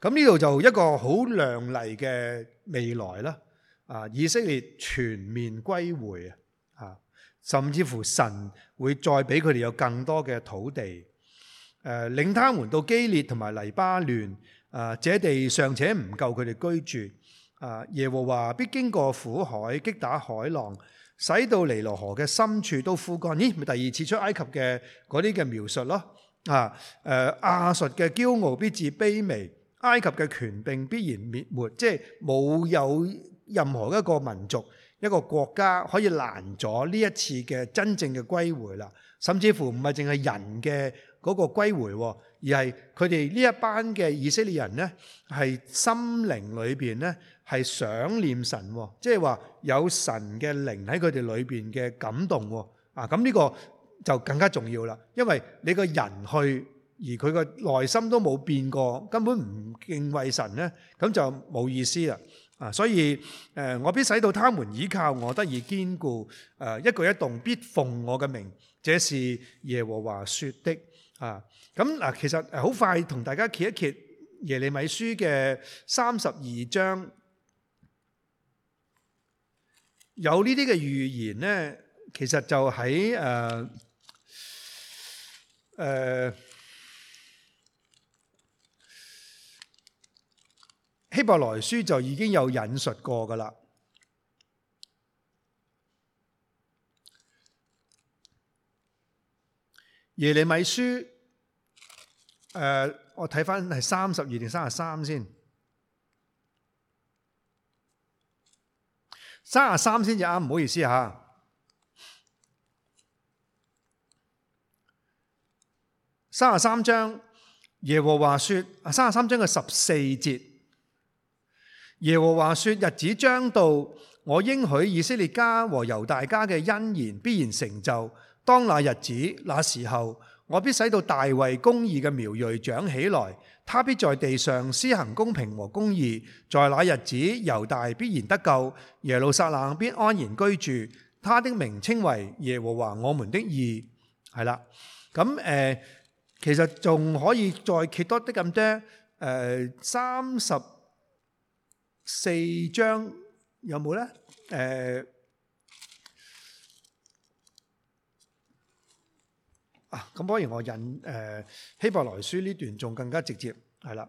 咁呢度就一個好亮麗嘅未來啦！啊，以色列全面歸回啊，甚至乎神會再俾佢哋有更多嘅土地。誒、呃、領他們到基列同埋黎巴嫩，啊這地尚且唔夠佢哋居住，啊耶和華必經過苦海，擊打海浪，使到尼羅河嘅深處都枯乾。咦？咪第二次出埃及嘅嗰啲嘅描述咯。啊誒、亞、呃、述嘅驕傲必至卑微，埃及嘅權柄必然滅沒。即係冇有任何一個民族、一個國家可以攔阻呢一次嘅真正嘅歸回啦。甚至乎唔係淨係人嘅。嗰、那個歸回，而係佢哋呢一班嘅以色列人呢，係心靈裏邊呢，係想念神，即係話有神嘅靈喺佢哋裏面嘅感動。啊，咁、這、呢個就更加重要啦，因為你個人去，而佢個內心都冇變過，根本唔敬畏神呢，咁就冇意思啦。啊，所以、呃、我必使到他們依靠我，得以堅固。一舉一動必奉我嘅名，這是耶和華說的。啊，咁嗱，其實好快同大家揭一揭耶利米書嘅三十二章，有呢啲嘅預言咧，其實就喺誒誒希伯來書就已經有引述過噶啦。耶利米書，誒，我睇翻係三十二定三十三先，三十三先至啱，唔好意思吓。三十三章，耶和華說，三十三章嘅十四節，耶和華說，日子將到，我應許以色列家和猶大家嘅恩言必然成就。當那日子、那時候，我必使到大衛公義嘅苗裔長起來，他必在地上施行公平和公義。在那日子，猶大必然得救，耶路撒冷必安然居住，他的名稱為耶和華我們的義。係啦，咁誒，其實仲可以再揭多啲咁多，誒，三十四章有冇呢？誒。啊，咁當然我引誒、呃、希伯來書呢段仲更加直接，係啦，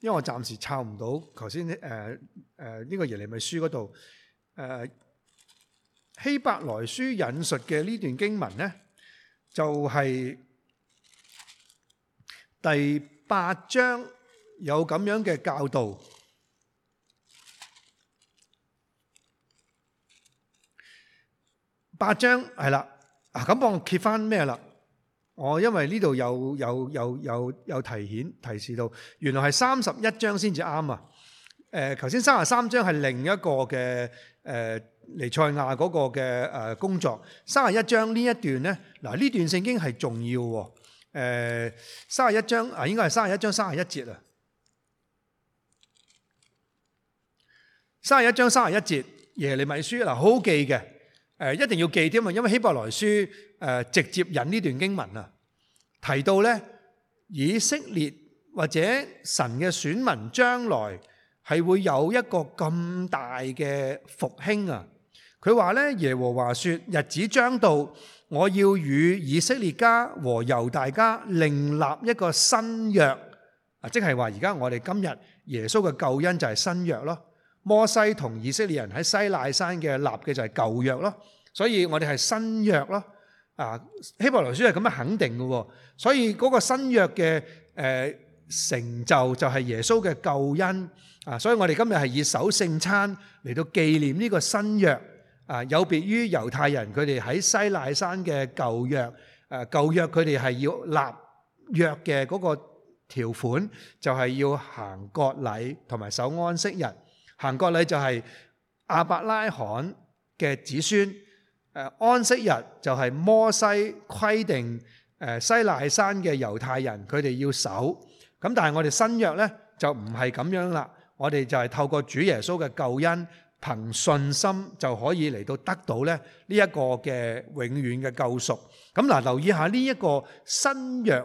因為我暫時抄唔到頭先誒誒呢個耶利米書嗰度，誒希伯來書引述嘅呢段經文咧，就係、是、第八章有咁樣嘅教導，八章係啦，啊咁幫我揭翻咩啦？我、哦、因為呢度有有有有有提顯提示到，原來係三十一章先至啱啊！誒、呃，頭先三十三章係另一個嘅誒、呃、尼賽亞嗰個嘅、呃、工作，三十一章呢一段咧，嗱呢段聖經係重要喎。誒，三十一章啊，應該係三十一章三十一節啊。三十一章三十一節耶利米書嗱，好好記嘅。誒一定要記添啊，因為希伯來書誒直接引呢段經文啊，提到咧以色列或者神嘅選民將來係會有一個咁大嘅復興啊。佢話咧耶和華說：日子將到，我要與以色列家和猶大家另立一個新約啊，即係話而家我哋今日耶穌嘅救恩就係新約咯。摩西同以色列人喺西奈山嘅立嘅就係舊約咯，所以我哋係新約咯。啊，希伯來書係咁樣肯定嘅，所以嗰個新約嘅誒成就就係耶穌嘅救恩啊。所以我哋今日係以守聖餐嚟到紀念呢個新約啊，有別於猶太人佢哋喺西奈山嘅舊約誒，舊約佢哋係要立約嘅嗰個條款，就係要行割禮同埋守安息日。行割禮就係亞伯拉罕嘅子孫，誒安息日就係摩西規定，誒西奈山嘅猶太人佢哋要守。咁但係我哋新約咧就唔係咁樣啦，我哋就係透過主耶穌嘅救恩，憑信心就可以嚟到得到咧呢一個嘅永遠嘅救贖。咁嗱，留意下呢一個新約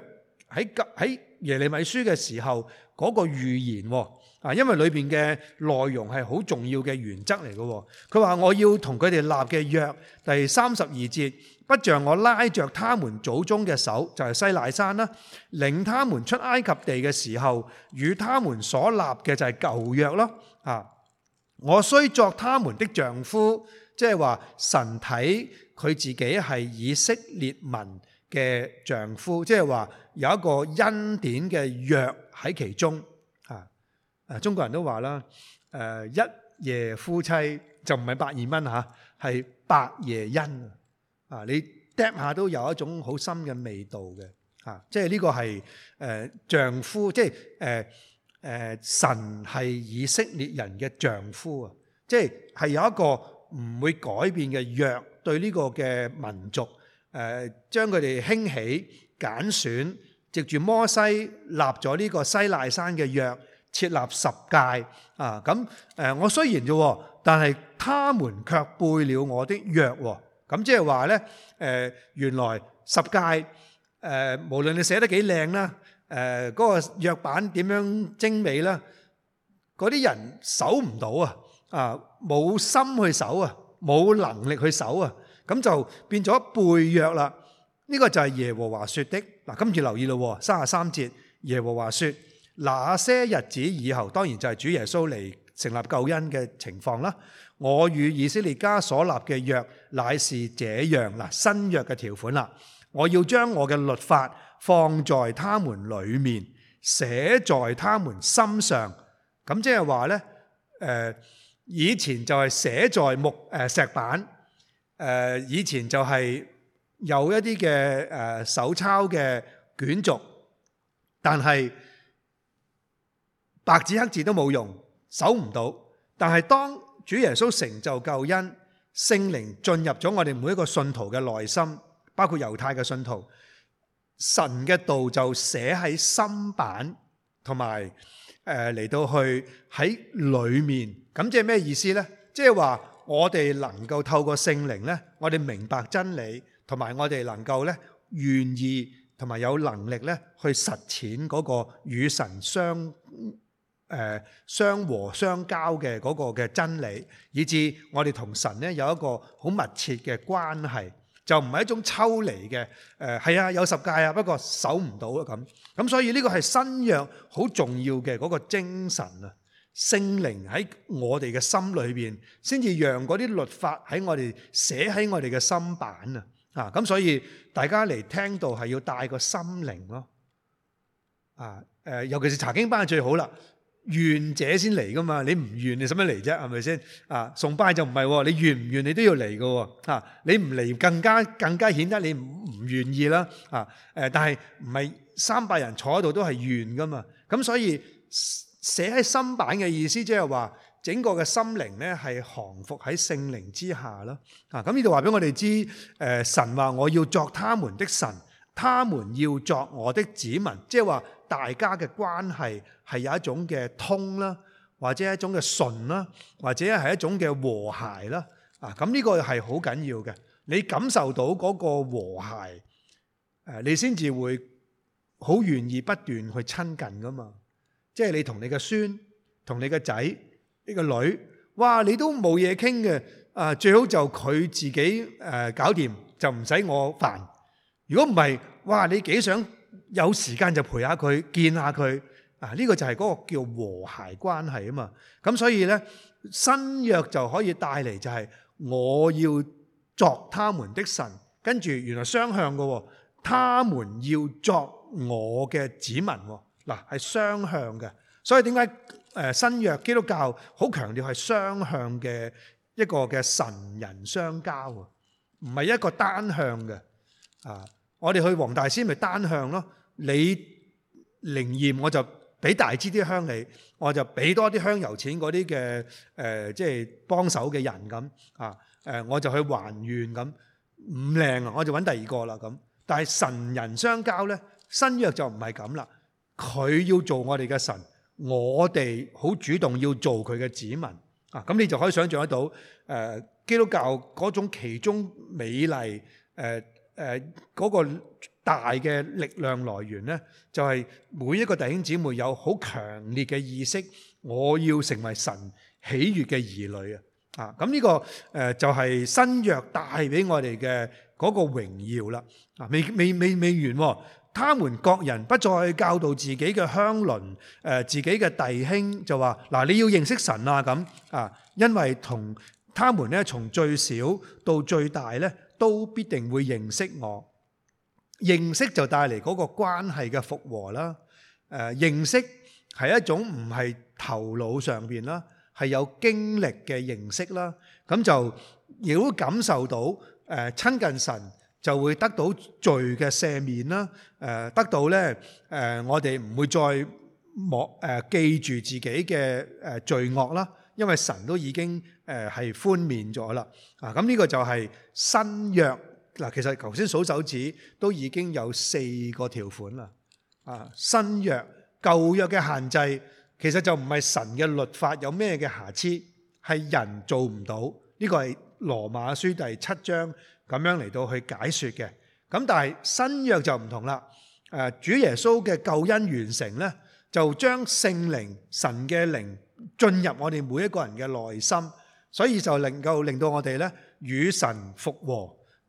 喺喺耶利米書嘅時候嗰個預言喎。啊，因為裏面嘅內容係好重要嘅原則嚟嘅。佢話我要同佢哋立嘅約，第三十二節，不像我拉着他們祖宗嘅手，就係西奈山啦，啊，領他們出埃及地嘅時候，與他們所立嘅就係舊約咯。啊，我雖作他們的丈夫，即係話神睇佢自己係以色列民嘅丈夫，即係話有一個恩典嘅約喺其中。啊！中國人都話啦，誒一夜夫妻就唔係百二蚊嚇，係百夜恩啊！你釘下都有一種好深嘅味道嘅嚇，即係呢個係誒丈夫，即係誒誒神係以色列人嘅丈夫啊！即係係有一個唔會改變嘅約，對呢個嘅民族誒，將佢哋興起揀選，藉住摩西立咗呢個西奈山嘅約。設立十戒啊！咁誒，我雖然啫，但係他們卻背了我的約喎。咁即係話呢，誒原來十戒誒，無論你寫得幾靚啦，誒嗰個約版點樣精美啦，嗰啲人守唔到啊！啊，冇心去守啊，冇能力去守啊，咁就變咗背約啦。呢個就係耶和華說的。嗱，今次留意咯，三十三節，耶和華說。那些日子以後，當然就係主耶穌嚟成立救恩嘅情況啦。我與以色列家所立嘅約乃是這樣，新約嘅條款啦。我要將我嘅律法放在他們裏面，寫在他們心上。咁即係話呢，誒、呃，以前就係寫在木誒、呃、石板，誒、呃，以前就係有一啲嘅誒手抄嘅卷軸，但係。白紙黑字都冇用，守唔到。但係當主耶穌成就救恩，聖靈進入咗我哋每一個信徒嘅內心，包括猶太嘅信徒，神嘅道就寫喺心版，同埋誒嚟到去喺裏面。咁即係咩意思呢？即係話我哋能夠透過聖靈呢，我哋明白真理，同埋我哋能夠呢願意同埋有能力呢去實踐嗰個與神相。誒相和相交嘅嗰個嘅真理，以致我哋同神咧有一個好密切嘅關係，就唔係一種抽離嘅誒。係啊，有十戒啊，不過守唔到啊咁。咁所以呢個係新約好重要嘅嗰個精神啊，聖靈喺我哋嘅心裏邊，先至讓嗰啲律法喺我哋寫喺我哋嘅心板啊。啊，咁所以大家嚟聽到係要帶個心靈咯。啊，誒，尤其是查經班係最好啦。願者先嚟噶嘛？你唔願你使乜嚟啫？係咪先啊？崇拜就唔係喎，你願唔願你都要嚟噶喎。嚇，你唔嚟更加更加顯得你唔願意啦。啊，誒，但係唔係三百人坐喺度都係願噶嘛？咁所以寫喺心版嘅意思，即係話整個嘅心靈咧係降服喺聖靈之下啦。啊，咁呢度話俾我哋知，誒，神話我要作他們的神，他們要作我的子民，即係話。大家嘅關係係有一種嘅通啦，或者一種嘅順啦，或者係一種嘅和諧啦。啊，咁呢個係好緊要嘅。你感受到嗰個和諧，誒，你先至會好願意不斷去親近噶嘛。即係你同你嘅孫、同你嘅仔、呢個女，哇，你都冇嘢傾嘅。啊，最好就佢自己誒搞掂，就唔使我煩。如果唔係，哇，你幾想？有時間就陪下佢，見下佢啊！呢個就係嗰個叫和諧關係啊嘛。咁所以咧，新約就可以帶嚟就係我要作他們的神，跟住原來雙向㗎喎，他們要作我嘅子民喎。嗱，係雙向嘅。所以點解誒新約基督教好強調係雙向嘅一個嘅神人相交啊？唔係一個單向嘅啊！我哋去黃大仙咪單向咯～你靈驗，我就俾大支啲香你，我就俾多啲香油錢嗰啲嘅，誒，即係幫手嘅人咁啊誒、呃，我就去還願咁。唔靈啊，我就搵第二個啦咁、啊。但係神人相交呢，新約就唔係咁啦。佢要做我哋嘅神，我哋好主動要做佢嘅子民啊。咁你就可以想象得到誒、呃、基督教嗰種其中美麗誒誒嗰個。大嘅力量來源咧，就係每一個弟兄姊妹有好強烈嘅意識，我要成為神喜悅嘅兒女啊！啊，咁呢個誒就係新約帶俾我哋嘅嗰個榮耀啦！啊，未未未未完喎，他們各人不再教導自己嘅鄉鄰誒，自己嘅弟兄就話：嗱，你要認識神啊！咁啊，因為同他們咧，從最小到最大咧，都必定會認識我。認識就帶嚟嗰個關係嘅復和啦，誒認識係一種唔係頭腦上邊啦，係有經歷嘅認識啦，咁就如果感受到誒親近神，就會得到罪嘅赦免啦，誒得到呢誒我哋唔會再忘誒記住自己嘅誒罪惡啦，因為神都已經誒係寬免咗啦，啊咁呢個就係新約。嗱，其實頭先數手指都已經有四個條款啦。啊，新約舊約嘅限制，其實就唔係神嘅律法有咩嘅瑕疵，係人做唔到。呢個係羅馬書第七章咁樣嚟到去解說嘅。咁但係新約就唔同啦。誒，主耶穌嘅救恩完成呢，就將聖靈神嘅靈進入我哋每一個人嘅內心，所以就能夠令到我哋呢與神復和。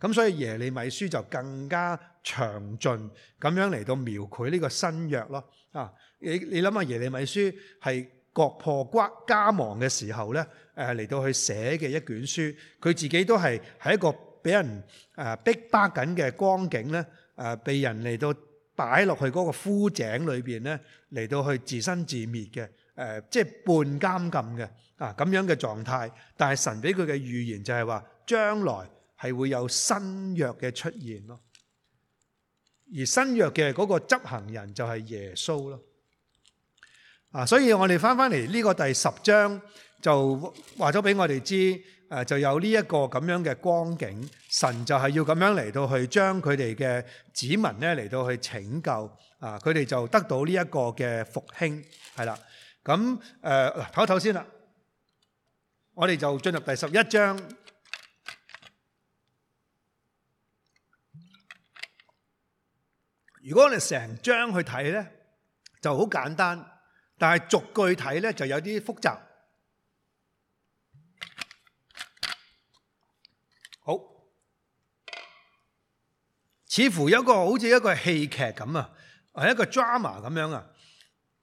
咁所以耶利米書就更加詳盡咁樣嚟到描繪呢個新約咯啊！你你諗下耶利米書係國破家家亡嘅時候呢，誒嚟到去寫嘅一卷書，佢自己都係喺一個俾人逼迫緊嘅光景呢，誒被人嚟到擺落去嗰個枯井裏邊呢，嚟到去自生自滅嘅誒，即係半監禁嘅啊咁樣嘅狀態。但係神俾佢嘅預言就係話將來。係會有新約嘅出現咯，而新約嘅嗰個執行人就係耶穌咯。啊，所以我哋翻翻嚟呢個第十章就話咗俾我哋知，誒就有呢一個咁樣嘅光景，神就係要咁樣嚟到去將佢哋嘅子民咧嚟到去拯救啊，佢哋就得到呢一個嘅復興係啦。咁誒，唞一唞先啦，我哋就進入第十一章。如果你成章去睇咧，就好簡單；但係逐句睇咧，就有啲複雜。好，似乎有一個好似一個戲劇咁啊，係一個 drama 咁樣啊。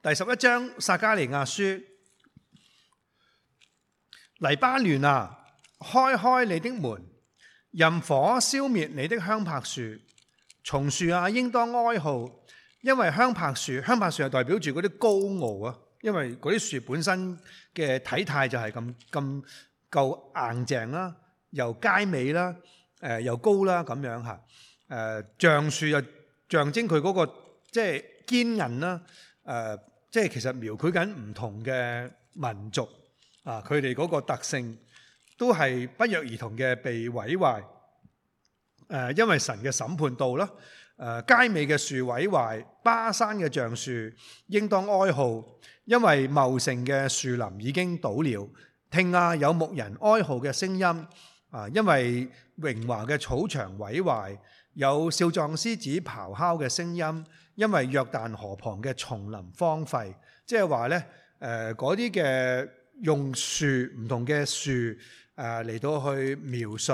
第十一章撒迦利亞書，黎巴嫩啊，開開你的門，任火燒滅你的香柏樹。松樹啊，應當哀號，因為香柏樹，香柏樹係代表住嗰啲高傲啊，因為嗰啲樹本身嘅體態就係咁咁夠硬淨啦，又佳美啦，誒、呃、又高啦咁樣吓，誒橡樹又象徵佢嗰個即係堅韌啦，誒即係其實描繪緊唔同嘅民族啊，佢哋嗰個特性都係不約而同嘅被毀壞。誒，因為神嘅審判到啦。誒，佳美嘅樹毀壞，巴山嘅橡樹應當哀號，因為茂盛嘅樹林已經倒了。聽啊，有牧人哀號嘅聲音。啊，因為榮華嘅草場毀壞，有少壯獅子咆哮嘅聲音，因為約旦河旁嘅叢林荒廢。即係話呢誒，嗰啲嘅用樹唔同嘅樹，誒、呃、嚟到去描述。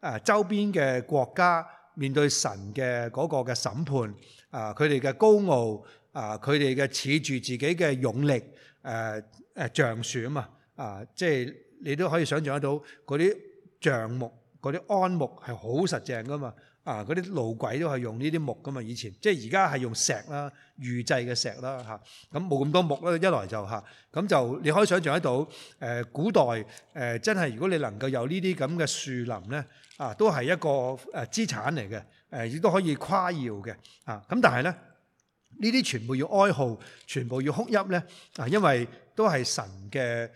誒，周邊嘅國家面對神嘅嗰個嘅審判，啊，佢哋嘅高傲，啊，佢哋嘅恃住自己嘅勇力，誒，誒橡樹啊嘛，啊，啊即係你都可以想象得到嗰啲橡木、嗰啲安木係好實淨噶嘛，啊嗰啲路軌都係用呢啲木噶嘛，以前即係而家係用石啦，預製嘅石啦嚇，咁冇咁多木啦，一來就吓。咁、啊、就你可以想象得到誒、啊、古代誒、啊、真係如果你能夠有呢啲咁嘅樹林咧。啊，都係一個誒資產嚟嘅，誒亦都可以誇耀嘅。啊，咁但係呢，呢啲全部要哀號，全部要哭泣呢。啊，因為都係神嘅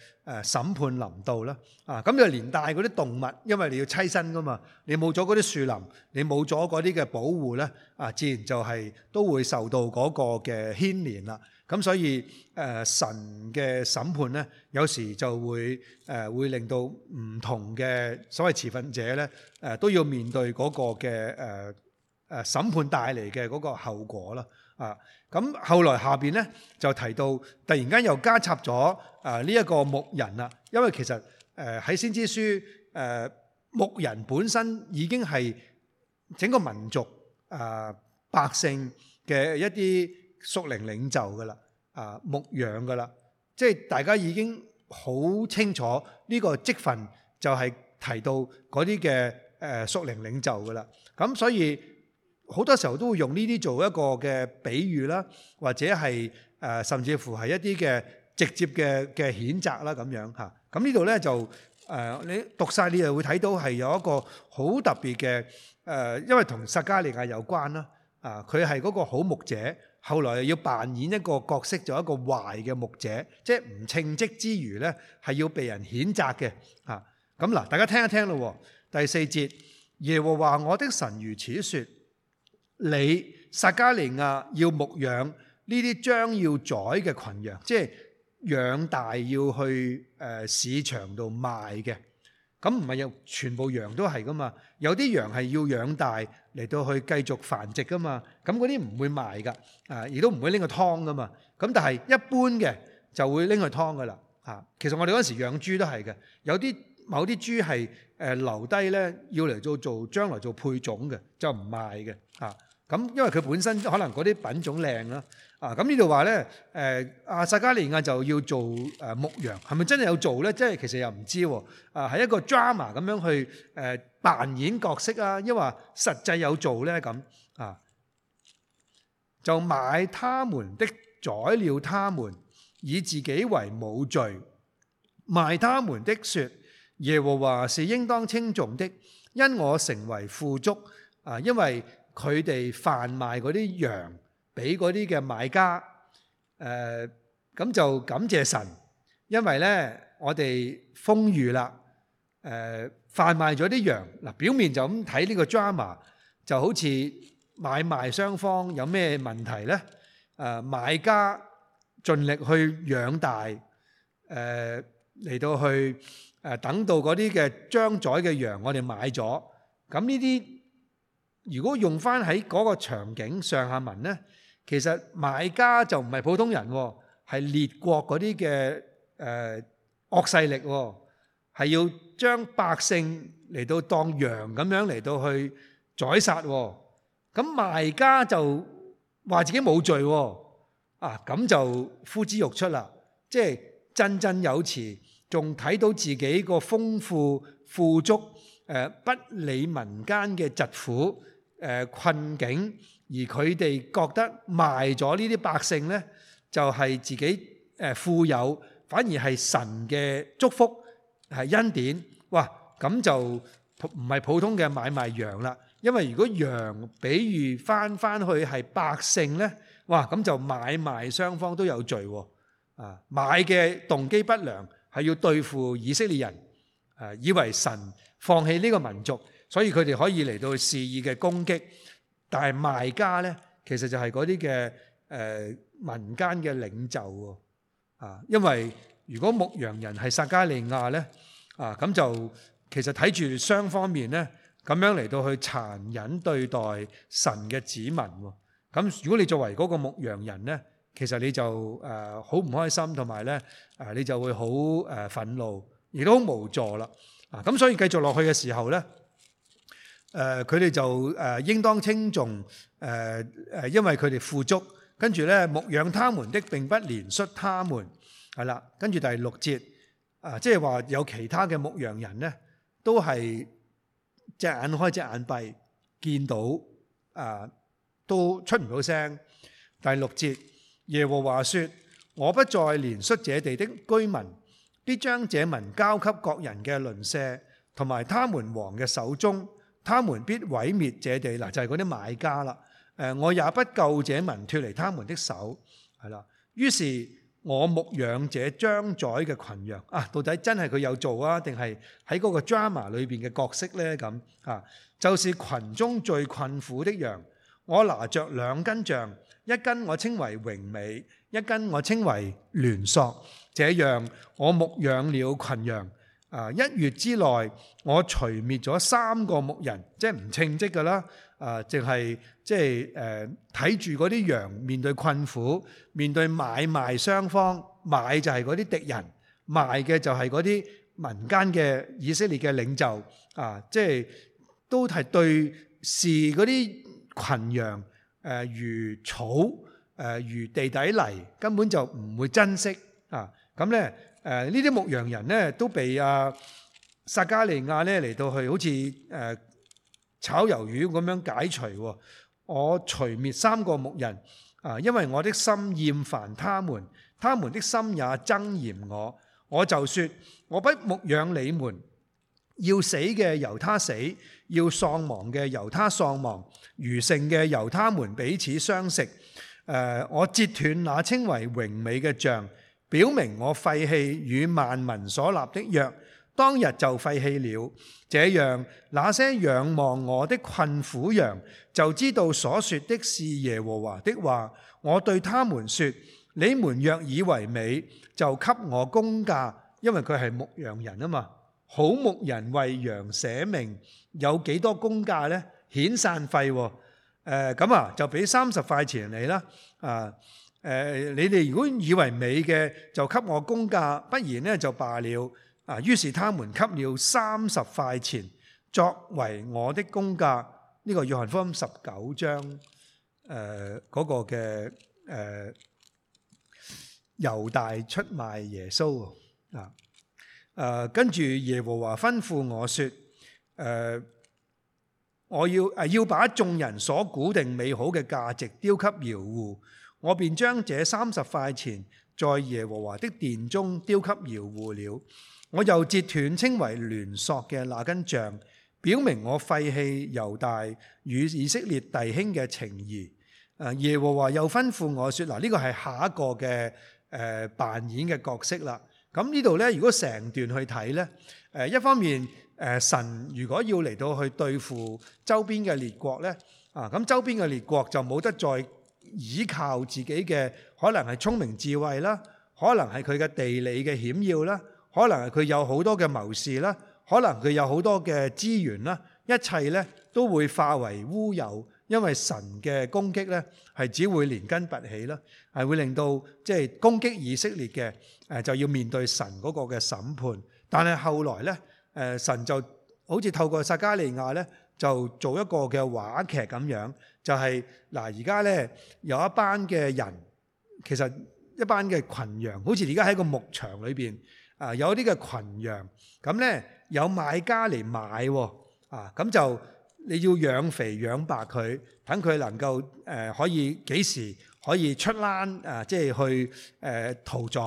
誒審判臨到啦。啊，咁就連帶嗰啲動物，因為你要棲身噶嘛，你冇咗嗰啲樹林，你冇咗嗰啲嘅保護呢，啊，自然就係都會受到嗰個嘅牽連啦。咁所以誒神嘅審判咧，有時就會誒會令到唔同嘅所謂持份者咧，誒都要面對嗰個嘅誒誒審判帶嚟嘅嗰個後果啦。啊，咁後來下邊咧就提到，突然間又加插咗誒呢一個牧人啦，因為其實誒喺先知書誒牧人本身已經係整個民族誒百姓嘅一啲屬靈領袖嘅啦，啊牧養嘅啦，即係大家已經好清楚呢個職份就係提到嗰啲嘅誒屬靈領袖嘅啦。咁、啊、所以好多時候都會用呢啲做一個嘅比喻啦，或者係誒、啊、甚至乎係一啲嘅直接嘅嘅譴責啦咁樣嚇。咁呢度呢，就誒、啊、你讀晒，你就會睇到係有一個好特別嘅誒，因為同撒迦利亞有關啦。啊，佢係嗰個好牧者。後來又要扮演一個角色，做一個壞嘅牧者，即係唔稱職之餘呢，係要被人譴責嘅。啊，咁嗱，大家聽一聽咯。第四節，耶和華我的神如此説：你撒迦利亞要牧養呢啲將要宰嘅群羊，即係養大要去誒市場度賣嘅。咁唔係有全部羊都係噶嘛？有啲羊係要養大嚟到去繼續繁殖噶嘛？咁嗰啲唔會賣㗎，啊，亦都唔會拎去劏噶嘛。咁但係一般嘅就會拎去劏㗎啦。其實我哋嗰陣時養豬都係嘅，有啲某啲豬係誒留低咧，要嚟做做將來做配種嘅，就唔賣嘅。嚇。咁，因為佢本身可能嗰啲品種靚啦，啊，咁呢度話咧，誒，阿撒迦利亞就要做誒牧羊，係咪真係有做咧？即係其實又唔知喎，啊，係一個 drama 咁樣去誒扮演角色啊，抑或實際有做咧咁啊？就買他們的宰了他們，以自己為無罪，賣他們的説耶和華是應當稱頌的，因我成為富足，啊，因為。佢哋販賣嗰啲羊俾嗰啲嘅買家，誒咁就感謝神，因為呢我哋豐裕啦，誒販賣咗啲羊，嗱，表面就咁睇呢個 drama，就好似買賣雙方有咩問題呢？誒買家盡力去養大，誒嚟到去誒等到嗰啲嘅將宰嘅羊，我哋買咗，咁呢啲。如果用翻喺嗰個場景上下文呢，其實買家就唔係普通人喎，係列國嗰啲嘅誒惡勢力喎，係要將百姓嚟到當羊咁樣嚟到去宰殺喎。咁賣家就話自己冇罪喎，啊，咁就呼之欲出啦，即係振振有詞，仲睇到自己個豐富富足，誒、呃、不理民間嘅疾苦。誒困境，而佢哋覺得賣咗呢啲百姓呢，就係自己誒富有，反而係神嘅祝福係恩典。哇！咁就唔係普通嘅買賣羊啦，因為如果羊比喻翻翻去係百姓呢，哇！咁就買賣雙方都有罪喎。啊，買嘅動機不良，係要對付以色列人，誒以為神放棄呢個民族。所以佢哋可以嚟到肆意嘅攻擊，但係賣家呢，其實就係嗰啲嘅誒民間嘅領袖喎，啊，因為如果牧羊人係撒迦利亞呢，啊，咁就其實睇住雙方面呢，咁樣嚟到去殘忍對待神嘅子民喎，咁如果你作為嗰個牧羊人呢，其實你就誒好唔開心，同埋呢，誒你就會好誒憤怒，亦都好無助啦，啊，咁所以繼續落去嘅時候呢。誒佢哋就誒應當稱頌，誒誒，因為佢哋富足，跟住咧，牧養他們的並不憐恤他們係啦。跟住第六節啊，即係話有其他嘅牧羊人咧，都係隻眼開隻眼閉，見到啊都出唔到聲。第六節耶和華說：我不再憐恤這地的居民，必將這民交給各人嘅鄰舍同埋他們王嘅手中。他們必毀滅這地，嗱，就係嗰啲買家啦。誒，我也不救這民脱離他們的手，係啦。於是，我牧養這將宰嘅羣羊。啊，到底真係佢有做啊，定係喺嗰個 drama 裏邊嘅角色呢？咁啊，就是羣中最困苦的羊，我拿着兩根杖，一根我稱為榮美，一根我稱為聯索，這樣我牧養了羣羊。啊！一月之內，我除滅咗三個牧人，即係唔稱職㗎啦。啊，淨係即係誒睇住嗰啲羊面對困苦，面對買賣雙方，買就係嗰啲敵人，賣嘅就係嗰啲民間嘅以色列嘅領袖。啊，即係都係對視嗰啲羣羊誒如草誒如地底泥，根本就唔會珍惜啊！咁呢。誒呢啲牧羊人咧都被阿、啊、撒迦利亞咧嚟到去好似誒、呃、炒魷魚咁樣，解除我除滅三個牧人啊、呃，因為我的心厭煩他們，他們的心也憎嫌我，我就說我不牧養你們，要死嘅由他死，要喪亡嘅由他喪亡，餘剩嘅由他們彼此相食。誒、呃，我折斷那稱為榮美嘅杖。表明我廢棄與萬民所立的約，當日就廢棄了。這樣，那些仰望我的困苦羊就知道所說的是耶和華的話。我對他們說：你們若以為美，就給我工價，因為佢係牧羊人啊嘛。好牧人為羊捨命有幾多工價呢？遣散費，誒咁啊，就俾三十塊錢你啦，啊。誒、呃、你哋如果以為美嘅，就給我工價，不然呢，就罷了。啊，於是他們給了三十塊錢作為我的工價。呢、這個約翰福音十九章誒嗰、呃那個嘅誒猶大出賣耶穌啊，啊。跟住耶和華吩咐我説：誒、啊、我要誒、啊、要把眾人所估定美好嘅價值丟給窯戶。我便將這三十塊錢在耶和華的殿中丟給窯戶了。我又折斷稱為聯索嘅那根杖，表明我廢棄猶大與以色列弟兄嘅情誼。耶和華又吩咐我說：嗱，呢個係下一個嘅誒扮演嘅角色啦。咁呢度呢，如果成段去睇呢，誒一方面誒神如果要嚟到去對付周邊嘅列國呢，啊咁周邊嘅列國就冇得再依靠自己嘅，可能係聰明智慧啦，可能係佢嘅地理嘅險要啦，可能係佢有好多嘅謀士啦，可能佢有好多嘅資源啦，一切呢都會化為烏有，因為神嘅攻擊呢係只會連根拔起啦，係會令到即係攻擊以色列嘅誒就要面對神嗰個嘅審判。但係後來呢，誒神就好似透過撒迦利亞呢，就做一個嘅話劇咁樣。就係嗱，而家咧有一班嘅人，其實一班嘅群羊，好似而家喺個牧場裏邊啊，有啲嘅群羊，咁咧有買家嚟買喎，啊，咁就你要養肥養白佢，等佢能夠誒可以幾時可以出欄啊，即係去誒屠宰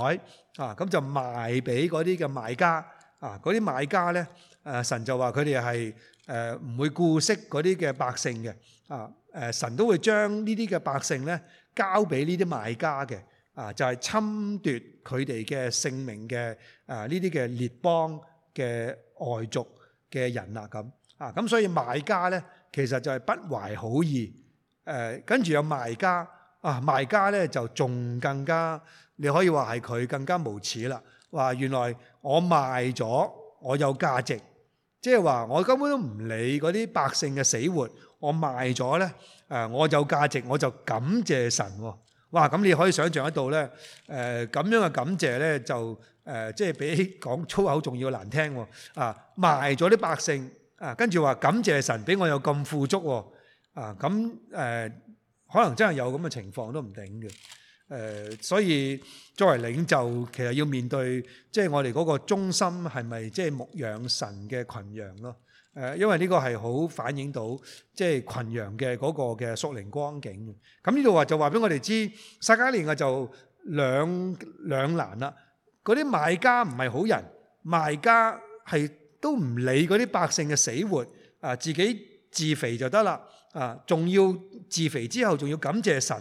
啊，咁就賣俾嗰啲嘅買家啊，嗰啲買家咧，誒神就話佢哋係誒唔會顧惜嗰啲嘅百姓嘅啊。誒神都會將呢啲嘅百姓咧交俾呢啲賣家嘅，啊就係侵奪佢哋嘅性命嘅，啊呢啲嘅列邦嘅外族嘅人啦咁，啊咁所以買家呢，其實就係不懷好意，誒跟住有賣家啊，賣家呢就仲更加你可以話係佢更加無恥啦，話原來我賣咗我有價值，即係話我根本都唔理嗰啲百姓嘅死活。我賣咗咧，誒我有價值，我就感謝神喎。哇！咁你可以想象得到咧，誒咁樣嘅感謝咧就誒即係比講粗口仲要難聽喎。啊，賣咗啲百姓啊，跟住話感謝神俾我有咁富足喎。啊，咁誒可能真係有咁嘅情況都唔定嘅。誒，所以作為領袖，其實要面對即係我哋嗰個忠心係咪即係牧養神嘅羣羊咯？誒，因為呢個係好反映到即係群羊嘅嗰個嘅屬靈光景嘅。咁呢度話就話俾我哋知，撒迦利亞就兩兩難啦。嗰啲賣家唔係好人，賣家係都唔理嗰啲百姓嘅死活，啊，自己自肥就得啦。啊，仲要自肥之後仲要感謝神。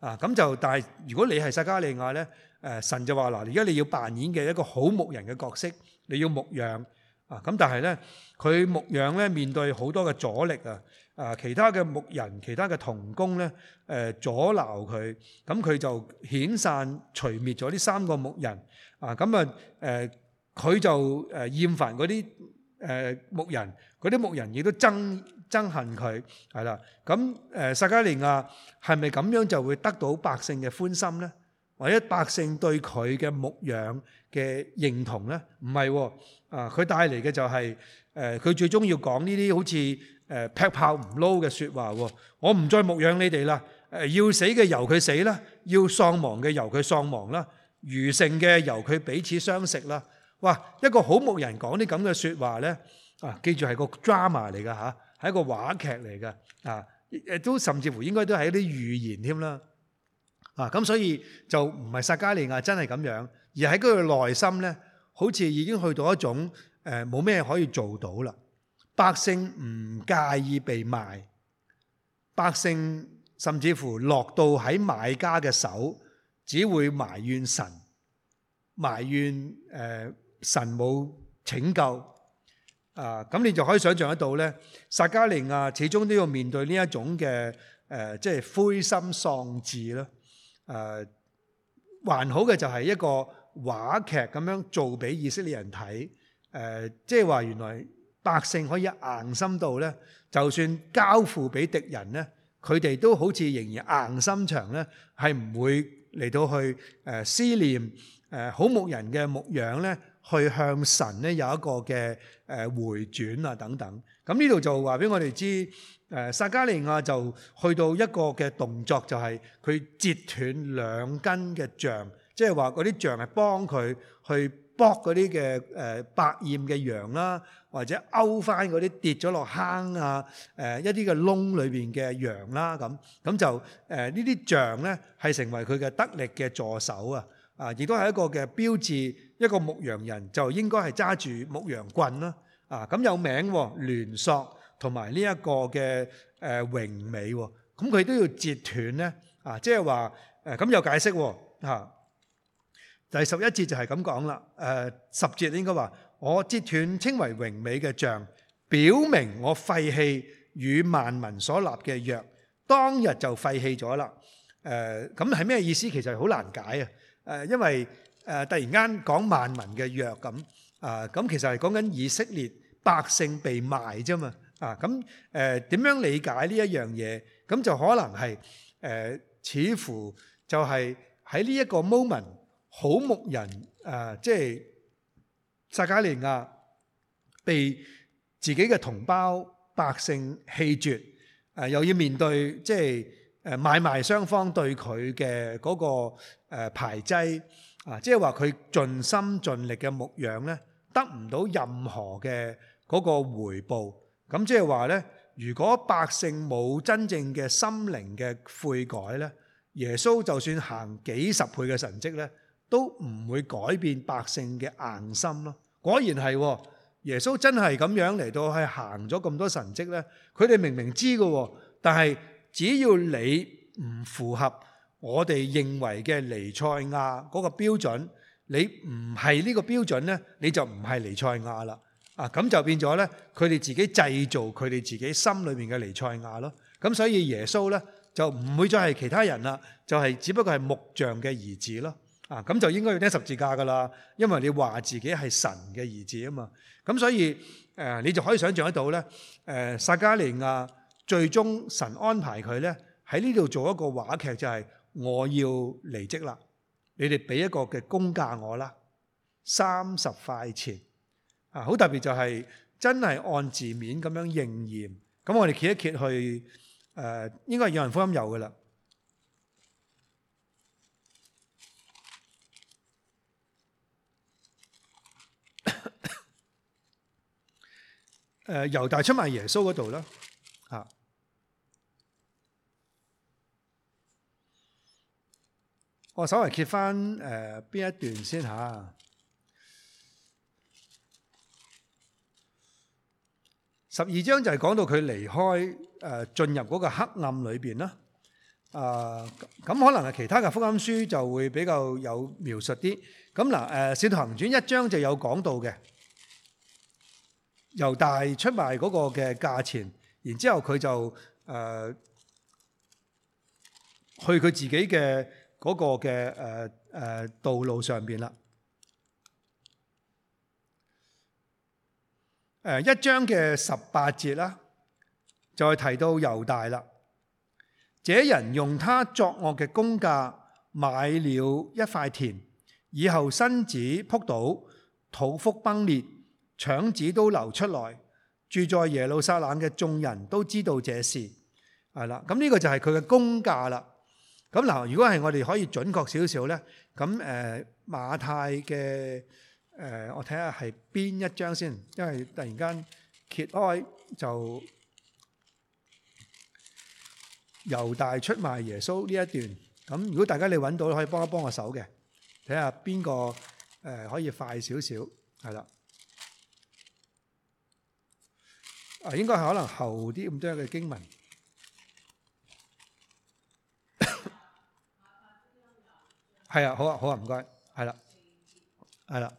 啊，咁就但係如果你係撒迦利亞呢，誒，神就話嗱，而家你要扮演嘅一個好牧人嘅角色，你要牧羊。啊，咁但係呢，佢牧羊咧面對好多嘅阻力啊！啊，其他嘅牧人、其他嘅童工呢，誒阻撓佢，咁佢就遣散、除滅咗呢三個牧人。啊，咁啊，誒佢就誒厭煩嗰啲誒牧人，嗰啲牧人亦都憎憎恨佢，係啦。咁誒撒迦利亞係咪咁樣就會得到百姓嘅歡心呢？或者百姓對佢嘅牧養嘅認同咧，唔係喎，啊佢帶嚟嘅就係誒佢最終要講呢啲好似誒劈炮唔撈嘅説話喎，我唔再牧養你哋啦，誒要死嘅由佢死啦，要喪亡嘅由佢喪亡啦，餘剩嘅由佢彼此相食啦。哇，一個好牧人講啲咁嘅説話咧，啊記住係個 drama 嚟㗎嚇，係一個話劇嚟㗎，啊誒都甚至乎應該都係一啲預言添啦。啊，咁所以就唔係撒迦利亞真係咁樣，而喺佢嘅內心呢，好似已經去到一種誒冇咩可以做到啦。百姓唔介意被賣，百姓甚至乎落到喺買家嘅手，只會埋怨神，埋怨誒、呃、神冇拯救。啊，咁你就可以想象得到呢，撒迦利亞始終都要面對呢一種嘅誒，即、呃、係、就是、灰心喪志咯。誒、呃、還好嘅就係一個話劇咁樣做俾以色列人睇，誒、呃、即係話原來百姓可以硬心度呢，就算交付俾敵人呢，佢哋都好似仍然硬心腸呢，係唔會嚟到去誒、呃、思念誒、呃、好牧人嘅牧養呢，去向神呢有一個嘅誒回轉啊等等，咁呢度就話俾我哋知。誒撒迦利亞就去到一個嘅動作，就係佢截斷兩根嘅杖，即係話嗰啲杖係幫佢去搏嗰啲嘅誒百厭嘅羊啦，或者勾翻嗰啲跌咗落坑啊，誒一啲嘅窿裏邊嘅羊啦，咁咁就誒呢啲杖呢係成為佢嘅得力嘅助手啊！啊，亦都係一個嘅標誌，一個牧羊人就應該係揸住牧羊棍啦！啊，咁有名喎，聯索。同埋呢一個嘅誒榮美，咁佢都要截斷呢啊！即係話誒咁有解釋喎嚇。第十一節就係咁講啦。誒十節應該話我截斷稱為榮美嘅杖，表明我廢棄與萬民所立嘅約，當日就廢棄咗啦。誒咁係咩意思？其實好難解啊！誒因為誒突然間講萬民嘅約咁啊，咁其實係講緊以色列百姓被賣啫嘛。啊，咁誒點樣理解呢一樣嘢？咁就可能係、呃、似乎就係喺呢一個 moment，好牧人誒，即係撒迦利亞被自己嘅同胞百姓棄絕，啊，又要面對即係誒買賣雙方對佢嘅嗰個排擠，啊，即係話佢盡心盡力嘅牧養呢，得唔到任何嘅嗰個回報。咁即係話咧，如果百姓冇真正嘅心靈嘅悔改咧，耶穌就算行幾十倍嘅神蹟咧，都唔會改變百姓嘅硬心咯。果然係，耶穌真係咁樣嚟到去行咗咁多神蹟咧，佢哋明明知噶，但係只要你唔符合我哋認為嘅彌賽亞嗰個標準，你唔係呢個標準咧，你就唔係彌賽亞啦。啊，咁就變咗咧，佢哋自己製造佢哋自己心裏面嘅尼賽亞咯。咁所以耶穌咧就唔會再係其他人啦，就係只不過係木匠嘅兒子咯。啊，咁就應該要釘十字架噶啦，因為你話自己係神嘅兒子啊嘛。咁所以誒，你就可以想象得到咧，誒撒迦利亞最終神安排佢咧喺呢度做一個話劇，就係我要離職啦，你哋俾一個嘅工價我啦，三十塊錢。啊！好特別就係真係按字面咁樣應驗，咁我哋揭一揭去，誒、呃、應該係有人福音有噶啦，誒、 *coughs* 呃、猶大出賣耶穌嗰度啦，嚇、啊！我稍為揭翻誒邊一段先嚇。啊十二章就係講到佢離開誒進、呃、入嗰個黑暗裏邊啦。啊、呃，咁可能係其他嘅福音書就會比較有描述啲。咁嗱誒《使徒行傳》一章就有講到嘅，猶大出賣嗰個嘅價錢，然之後佢就誒、呃、去佢自己嘅嗰個嘅誒誒道路上邊啦。誒一章嘅十八節啦，再提到猶大啦。這人用他作惡嘅工價買了一塊田，以後身子仆倒，肚腹崩裂，腸子都流出來。住在耶路撒冷嘅眾人都知道這事，係啦。咁、這、呢個就係佢嘅工價啦。咁嗱，如果係我哋可以準確少少呢，咁誒馬太嘅。誒，我睇下係邊一章先，因為突然間揭開就猶大出賣耶穌呢一段。咁如果大家你揾到，可以幫一幫我手嘅，睇下邊個誒可以快少少，係啦。啊，應該係可能後啲咁多嘅經文。係啊，好啊，好啊，唔該，係啦，係啦。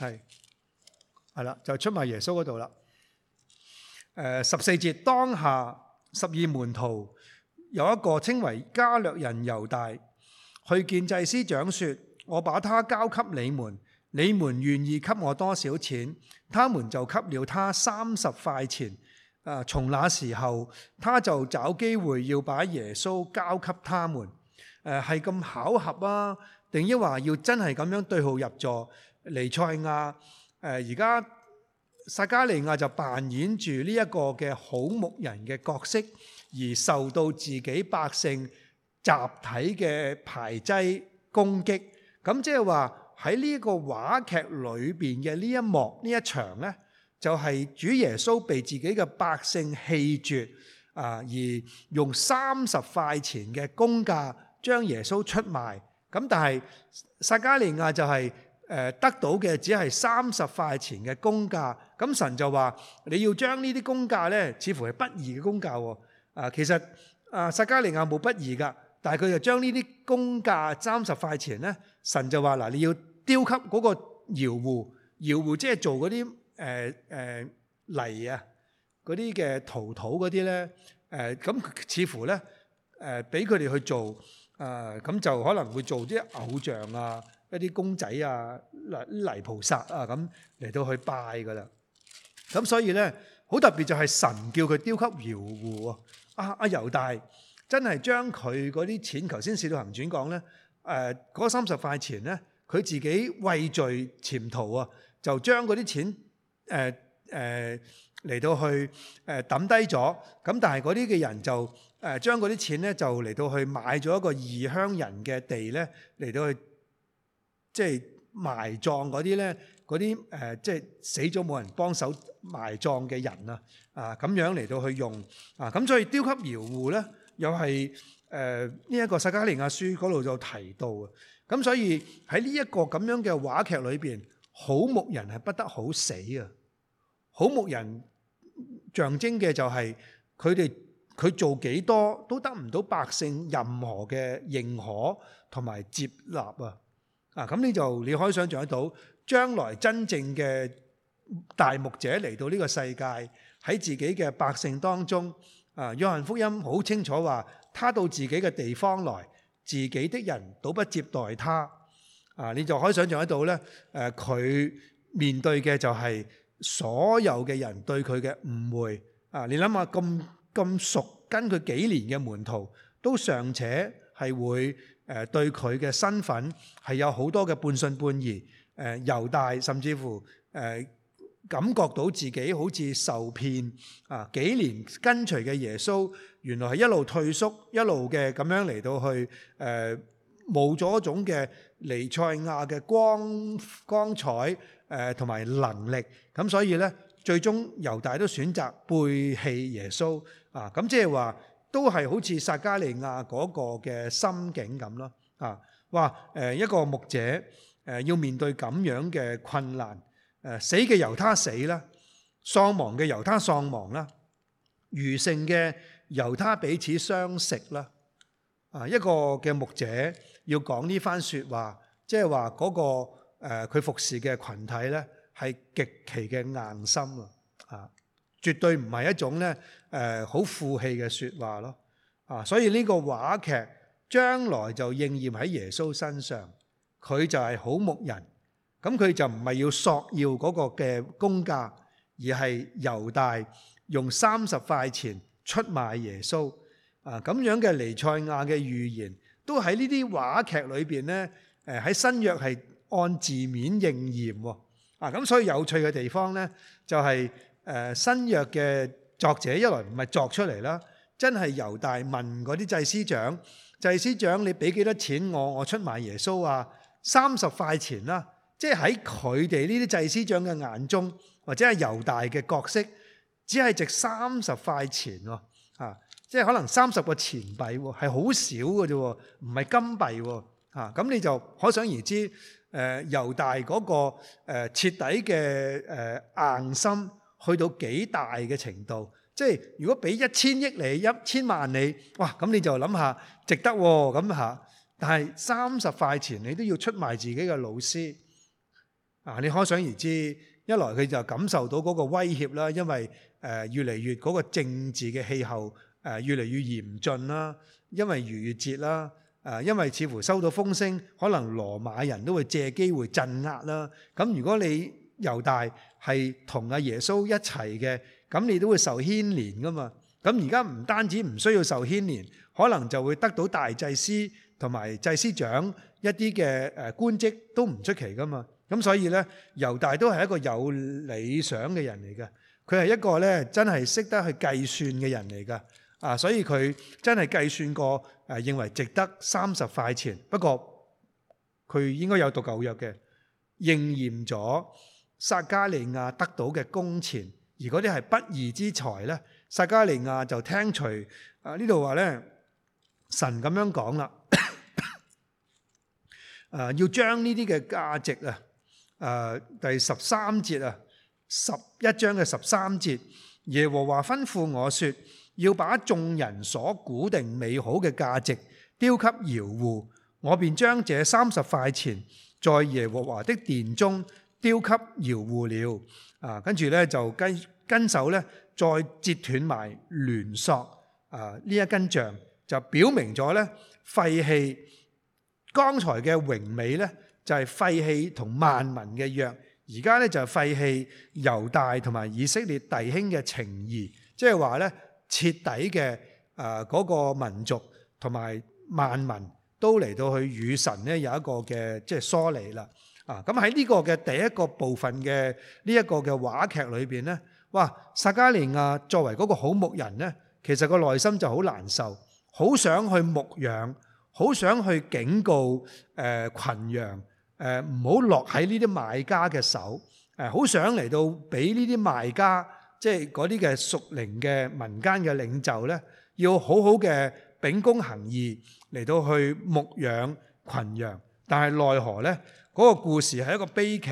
係，係啦，就出埋耶穌嗰度啦。誒、呃、十四節，當下十二門徒有一個稱為加略人猶大，去見祭司長，説：我把他交給你們，你們願意給我多少錢？他們就給了他三十塊錢。啊、呃，從那時候他就找機會要把耶穌交給他們。誒、呃，係咁巧合啊？定抑或要真係咁樣對號入座？尼賽亞誒而家撒迦利亞就扮演住呢一個嘅好牧人嘅角色，而受到自己百姓集體嘅排擠攻擊。咁即係話喺呢個話劇裏邊嘅呢一幕呢一場呢，就係、是、主耶穌被自己嘅百姓棄絕啊、呃，而用三十塊錢嘅公價將耶穌出賣。咁但係撒迦利亞就係、是。誒得到嘅只係三十塊錢嘅工價，咁神就話你要將呢啲工價呢，似乎係不義嘅工價喎。啊，其實啊，撒迦利亞冇不義噶，但係佢就將呢啲工價三十塊錢呢，神就話嗱，你要丟給嗰個窯戶，窯戶即係做嗰啲誒誒泥啊，嗰啲嘅陶土嗰啲呢。呃，誒咁似乎呢，誒俾佢哋去做啊，咁、呃、就可能會做啲偶像啊。一啲公仔啊、泥菩薩啊咁嚟到去拜㗎喇，咁所以呢，好特別就係神叫佢雕刻窯戶啊！阿阿猶大真係將佢嗰啲錢，頭先使徒行傳講呢，誒、呃、嗰三十塊錢呢，佢自己畏罪潛逃啊，就將嗰啲錢誒誒嚟到去誒抌低咗。咁但係嗰啲嘅人就誒將嗰啲錢呢，就嚟到去買咗一個異鄉人嘅地呢，嚟到去。即係埋葬嗰啲咧，嗰啲誒即係死咗冇人幫手埋葬嘅人啊！啊咁樣嚟到去用啊咁，所以丟級遙遙咧，又係誒呢一個撒迦利亞書嗰度就提到嘅。咁所以喺呢一個咁樣嘅話劇裏邊，好牧人係不得好死啊！好牧人象徵嘅就係佢哋佢做幾多都得唔到百姓任何嘅認可同埋接納啊！啊！咁你就你可以想象得到，將來真正嘅大牧者嚟到呢個世界，喺自己嘅百姓當中，啊，約翰福音好清楚話，他到自己嘅地方來，自己的人都不接待他。啊，你就可以想象得到呢，誒，佢面對嘅就係所有嘅人對佢嘅誤會。啊，你諗下咁咁熟跟佢幾年嘅門徒，都尚且係會。誒，對佢嘅身份係有好多嘅半信半疑，誒猶大甚至乎誒感覺到自己好似受騙啊！幾年跟隨嘅耶穌，原來係一路退縮，一路嘅咁樣嚟到去誒冇咗一種嘅尼賽亞嘅光光彩誒同埋能力，咁所以呢最終猶大都選擇背棄耶穌啊！咁即係話。都係好似撒迦利亞嗰個嘅心境咁咯，啊，一個牧者要面對咁樣嘅困難，死嘅由他死啦，喪亡嘅由他喪亡啦，餘剩嘅由他彼此相食啦，啊，一個嘅牧者要講呢番說話，即係話嗰個佢服侍嘅群體呢係極其嘅硬心啊！絕對唔係一種咧，誒，好負氣嘅説話咯啊！所以呢個話劇將來就應驗喺耶穌身上，佢就係好牧人，咁佢就唔係要索要嗰個嘅工價，而係猶大用三十塊錢出賣耶穌啊！咁樣嘅彌賽亞嘅預言都喺呢啲話劇裏邊，咧，誒，喺新約係按字面應驗喎啊！咁所以有趣嘅地方咧就係。誒新約嘅作者一來唔係作出嚟啦，真係猶大問嗰啲祭司長，祭司長你俾幾多錢我我出賣耶穌啊？三十塊錢啦、啊，即係喺佢哋呢啲祭司長嘅眼中，或者係猶大嘅角色，只係值三十塊錢喎、啊啊，即係可能三十個錢幣喎、啊，係好少嘅啫，唔係金幣喎、啊，咁、啊、你就可想而知，誒、呃、猶大嗰、那個誒、呃、徹底嘅誒、呃、硬心。去到幾大嘅程度？即係如果俾一千億你、一千萬你，哇！咁你就諗下值得喎，咁吓。但係三十塊錢，你都要出賣自己嘅老師啊！你可想而知，一來佢就感受到嗰個威脅啦，因為誒越嚟越嗰個政治嘅氣候誒越嚟越嚴峻啦，因為逾越節啦，誒因為似乎收到風聲，可能羅馬人都會借機會鎮壓啦。咁如果你猶大係同阿耶穌一齊嘅，咁你都會受牽連㗎嘛？咁而家唔單止唔需要受牽連，可能就會得到大祭司同埋祭司長一啲嘅誒官職都唔出奇㗎嘛？咁所以呢，猶大都係一個有理想嘅人嚟嘅。佢係一個呢真係識得去計算嘅人嚟㗎。啊，所以佢真係計算過誒，認為值得三十塊錢。不過佢應該有讀舊約嘅，應驗咗。撒加利亞得到嘅工錢，而嗰啲係不義之財咧，撒加利亞就聽除。啊呢度話咧，神咁樣講啦、 *laughs* 啊，啊要將呢啲嘅價值啊，啊第十三節啊，十一章嘅十三節，耶和華吩咐我說，要把眾人所估定美好嘅價值，丟給窯戶，我便將這三十塊錢在耶和華的殿中。雕刻搖護了啊，跟住咧就跟跟手咧再折斷埋聯索啊！呢一根杖就表明咗咧廢棄剛才嘅榮美咧，就係廢棄同萬民嘅約，而家咧就係廢棄猶大同埋以色列弟兄嘅情誼，即係話咧徹底嘅誒嗰個民族同埋萬民都嚟到去與神咧有一個嘅即係疏離啦。啊！咁喺呢個嘅第一個部分嘅呢一個嘅話劇裏邊咧，哇！撒迦利亞作為嗰個好牧人咧，其實個內心就好難受，好想去牧養，好想去警告誒羣羊誒唔好落喺呢啲買家嘅手，誒好想嚟到俾呢啲賣家，即係嗰啲嘅屬靈嘅民間嘅領袖咧，要好好嘅秉公行義嚟到去牧養羣羊，但係奈何咧？嗰個故事係一個悲劇，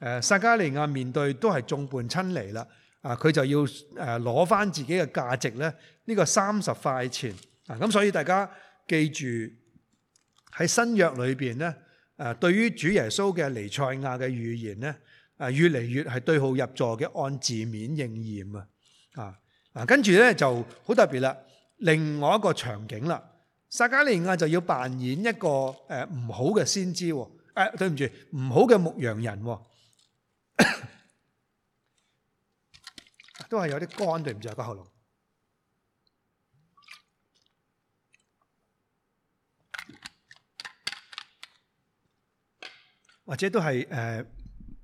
誒撒迦利亞面對都係眾叛親離啦，啊佢就要誒攞返自己嘅價值咧，呢個三十塊錢啊，咁所以大家記住喺新約裏邊咧，誒對於主耶穌嘅尼賽亞嘅預言咧，誒越嚟越係對號入座嘅按字面應驗啊，啊嗱跟住咧就好特別啦，另外一個場景啦，撒迦利亞就要扮演一個誒唔好嘅先知喎。誒、哎、對唔住，唔好嘅牧羊人都係有啲乾，對唔住個喉嚨。或者都係誒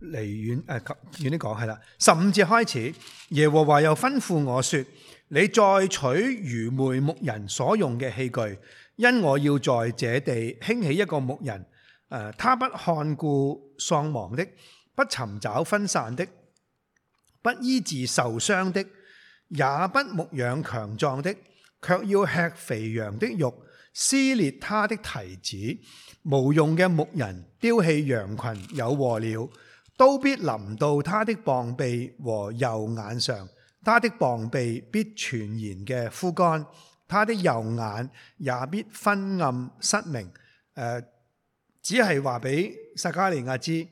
離遠誒遠啲講係啦。十五節開始，耶和華又吩咐我說：你再取愚昧牧人所用嘅器具，因我要在這地興起一個牧人。誒、呃，他不看顧喪亡的，不尋找分散的，不醫治受傷的，也不牧養強壯的，卻要吃肥羊的肉，撕裂他的蹄子。無用嘅牧人丟棄羊群，有禍了，都必臨到他的膀臂和右眼上。他的膀臂必全然嘅枯乾，他的右眼也必昏暗失明。誒、呃。只係話俾撒迦利亞知，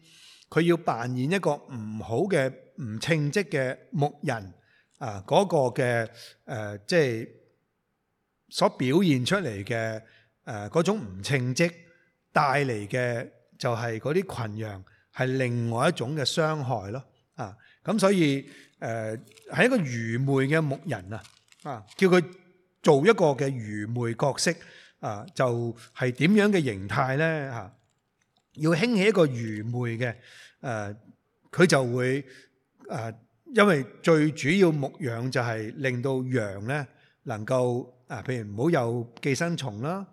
佢要扮演一個唔好嘅、唔稱職嘅牧人啊！嗰個嘅誒，即係所表現出嚟嘅誒嗰種唔稱職帶嚟嘅，就係嗰啲羣羊係另外一種嘅傷害咯啊！咁所以誒，係一個愚昧嘅牧人啊！啊，叫佢做一個嘅愚昧角色啊，就係點樣嘅形態呢嚇？要興起一個愚昧嘅，誒，佢就會誒，因為最主要牧養就係令到羊咧能夠，啊，譬如唔好有寄生蟲啦，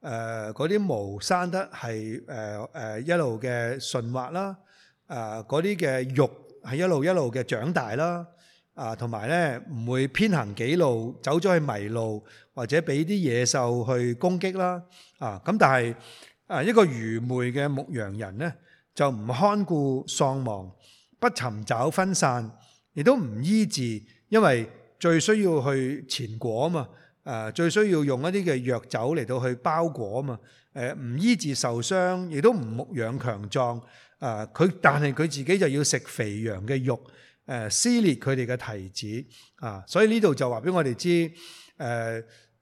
誒，嗰啲毛生得係，誒，誒，一路嘅順滑啦，誒，嗰啲嘅肉係一路一路嘅長大啦，啊，同埋咧唔會偏行己路，走咗去迷路，或者俾啲野獸去攻擊啦，啊，咁但係。啊！一個愚昧嘅牧羊人呢，就唔看顧喪亡，不尋找分散，亦都唔醫治，因為最需要去前果嘛。最需要用一啲嘅藥酒嚟到去包裹嘛。誒，唔醫治受傷，亦都唔牧養強壯。佢但係佢自己就要食肥羊嘅肉，誒撕裂佢哋嘅蹄子啊！所以呢度就話俾我哋知，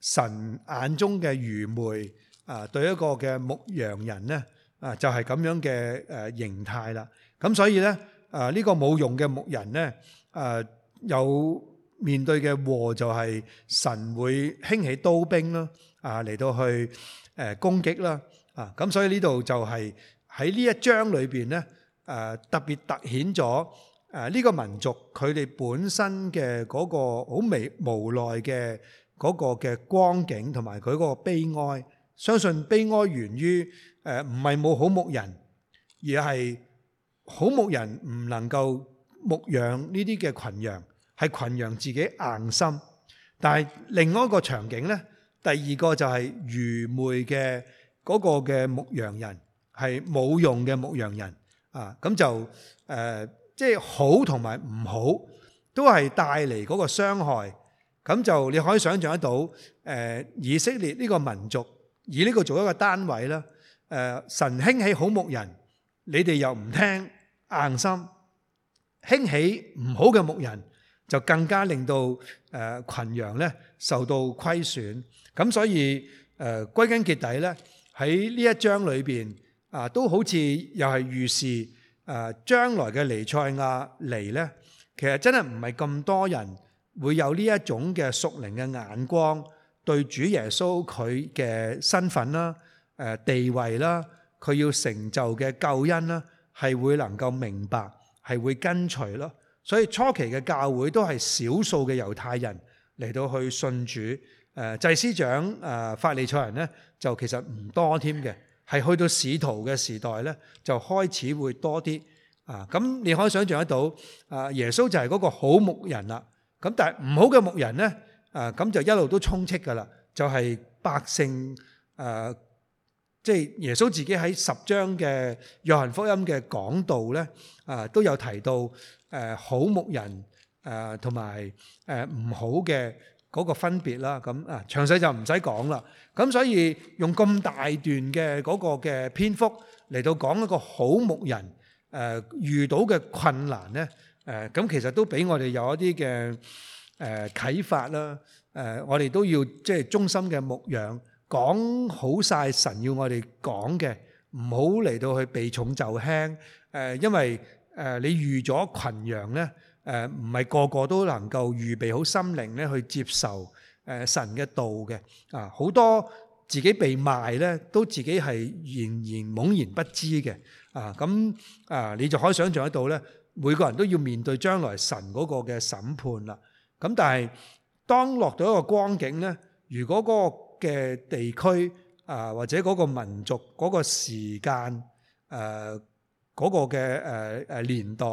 神眼中嘅愚昧。啊，對一個嘅牧羊人咧，啊就係咁樣嘅誒形態啦。咁所以咧，啊呢個冇用嘅牧人咧，啊有面對嘅禍就係神會興起刀兵啦，啊嚟到去誒攻擊啦。啊咁，所以呢度就係喺呢一章裏邊咧，誒特別突顯咗誒呢個民族佢哋本身嘅嗰個好微無奈嘅嗰個嘅光景同埋佢嗰個悲哀。相信悲哀源於誒唔係冇好牧人，而係好牧人唔能夠牧養呢啲嘅羣羊，係羣羊自己硬心。但係另外一個場景呢，第二個就係愚昧嘅嗰個嘅牧羊人係冇用嘅牧羊人啊。咁就誒，即係好同埋唔好都係帶嚟嗰個傷害。咁就你可以想象得到，誒以色列呢個民族。以呢個做一個單位啦，誒，神興起好牧人，你哋又唔聽，硬心，興起唔好嘅牧人，就更加令到誒羣羊咧受到虧損。咁所以誒歸根結底咧，喺呢一章裏邊啊，都好似又係預示誒將來嘅彌賽亞嚟咧。其實真係唔係咁多人會有呢一種嘅屬靈嘅眼光。對主耶穌佢嘅身份啦、誒地位啦，佢要成就嘅救恩啦，係會能夠明白，係會跟隨咯。所以初期嘅教會都係少數嘅猶太人嚟到去信主。誒、啊、祭司長啊，法利賽人咧，就其實唔多添嘅。係去到使徒嘅時代咧，就開始會多啲啊。咁你可以想象得到啊，耶穌就係嗰個好牧人啦。咁但係唔好嘅牧人咧。誒咁就一路都充斥㗎啦，就係百姓誒，即係耶穌自己喺十章嘅約翰福音嘅講道咧，誒都有提到誒好牧人誒同埋誒唔好嘅嗰個分別啦。咁啊，詳細就唔使講啦。咁所以用咁大段嘅嗰個嘅篇幅嚟到講一個好牧人誒遇到嘅困難咧，誒咁其實都俾我哋有一啲嘅。誒、呃、啟發啦！誒、呃、我哋都要即係忠心嘅牧羊。講好晒神要我哋講嘅，唔好嚟到去避重就輕。誒、呃，因為誒、呃、你預咗群羊呢，誒唔係個個都能夠預備好心靈咧去接受誒、呃、神嘅道嘅。啊，好多自己被賣呢，都自己係仍然懵然不知嘅。啊，咁啊，你就可以想象得到呢，每個人都要面對將來神嗰個嘅審判啦。咁但係當落到一個光景呢，如果嗰個嘅地區啊，或者嗰個民族、嗰個時間誒，嗰個嘅誒誒年代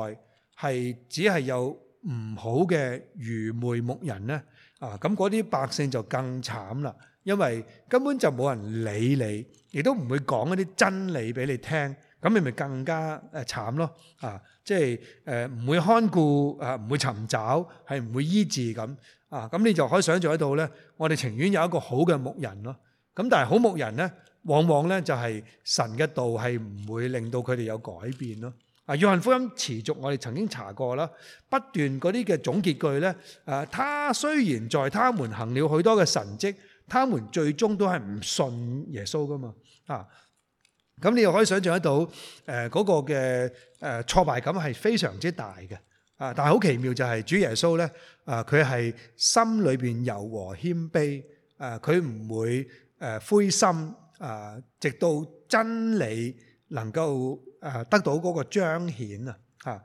係只係有唔好嘅愚昧牧人呢啊，咁嗰啲百姓就更慘啦，因為根本就冇人理你，亦都唔會講一啲真理俾你聽。咁你咪更加誒慘咯啊！即係唔會看顧啊，呃、唔會尋找，係唔會醫治咁啊！咁你就可以想象得到呢，我哋情願有一個好嘅牧人咯。咁、啊、但係好牧人呢，往往呢就係神嘅道係唔會令到佢哋有改變咯。啊，約翰福音持續我哋曾經查過啦、啊，不斷嗰啲嘅總結句呢，啊「誒，他雖然在他們行了很多嘅神蹟，他們最終都係唔信耶穌噶嘛啊！咁你又可以想象得到，誒嗰個嘅誒挫敗感係非常之大嘅，啊！但係好奇妙就係主耶穌呢，啊佢係心裏邊柔和謙卑，誒佢唔會誒灰心，啊直到真理能夠誒得到嗰個彰顯啊，嚇！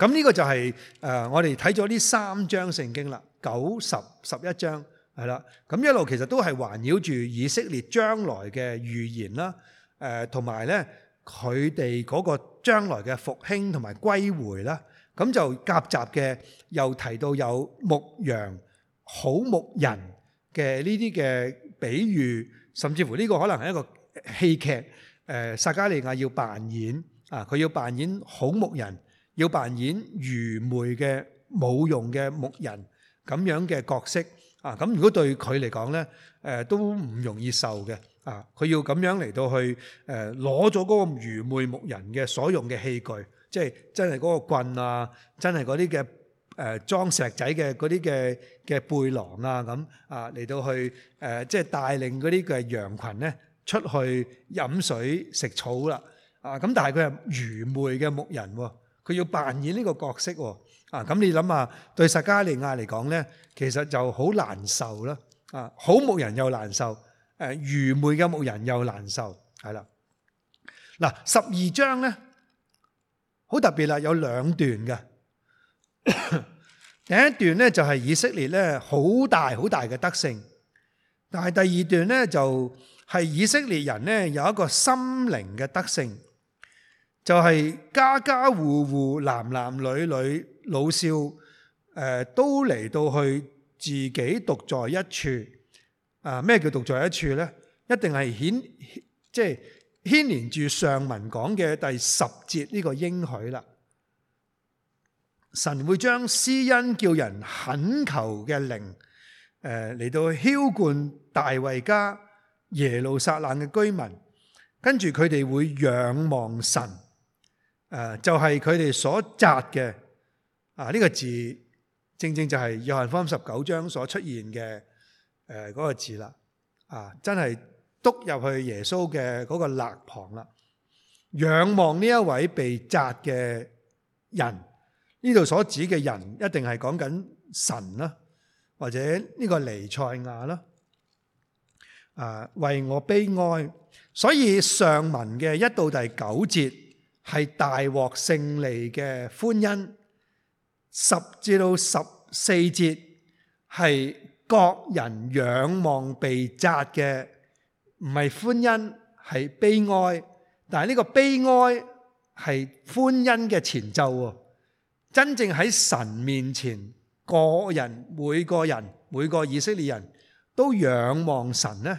咁呢個就係誒我哋睇咗呢三章聖經啦，九、十、十一章。係啦，咁一路其實都係環繞住以色列將來嘅預言啦，誒同埋咧佢哋嗰個將來嘅復興同埋歸回啦，咁就夾雜嘅又提到有牧羊好牧人嘅呢啲嘅比喻，甚至乎呢個可能係一個戲劇，誒、呃、撒迦利亞要扮演啊，佢要扮演好牧人，要扮演愚昧嘅冇用嘅牧人咁樣嘅角色。啊，咁如果對佢嚟講呢，誒都唔容易受嘅。啊，佢要咁樣嚟到去誒攞咗嗰個愚昧牧人嘅所用嘅器具，即係真係嗰個棍啊，真係嗰啲嘅誒裝石仔嘅嗰啲嘅嘅背囊啊咁啊嚟到去誒即係帶領嗰啲嘅羊羣呢出去飲水食草啦。啊，咁但係佢係愚昧嘅牧人喎，佢要扮演呢個角色喎。啊！咁你諗下，對撒迦利亞嚟講咧，其實就好難受啦。啊，好牧人又難受，誒愚昧嘅牧人又難受，係啦。嗱，十二章咧好特別啦，有兩段嘅。第一段咧就係以色列咧好大好大嘅得勝，但係第二段咧就係以色列人咧有一個心靈嘅得勝，就係家家戶戶男男女女。老少、呃、都嚟到去自己獨在一處，啊、呃！咩叫獨在一處咧？一定係牽即係牽連住上文講嘅第十節呢個應許啦。神會將施恩叫人懇求嘅靈誒嚟到澆灌大衞家耶路撒冷嘅居民，跟住佢哋會仰望神、呃、就係佢哋所扎嘅。啊！呢、這個字正正就係約翰福音十九章所出現嘅誒嗰個字啦。啊，真係督入去耶穌嘅嗰個肋旁啦，仰望呢一位被扎嘅人。呢度所指嘅人一定係講緊神啦、啊，或者呢個尼賽亞啦。啊，為我悲哀。所以上文嘅一到第九節係大獲勝利嘅歡欣。十至到十四節係各人仰望被扎嘅，唔係歡欣係悲哀，但係呢個悲哀係歡欣嘅前奏。真正喺神面前，各人每個人每個以色列人都仰望神呢？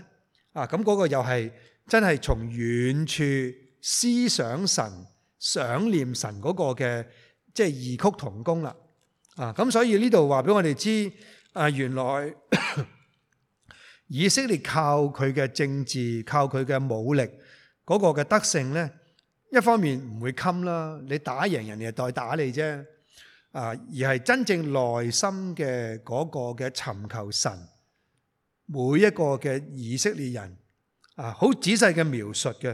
啊，咁、那、嗰個又係真係從遠處思想神、想念神嗰個嘅，即、就、係、是、異曲同工啦。啊，咁所以呢度話俾我哋知，啊，原來以色列靠佢嘅政治，靠佢嘅武力嗰、那個嘅德性呢，一方面唔會襟啦，你打贏人哋就代打你啫，啊，而係真正內心嘅嗰個嘅尋求神，每一個嘅以色列人啊，好仔細嘅描述嘅，誒、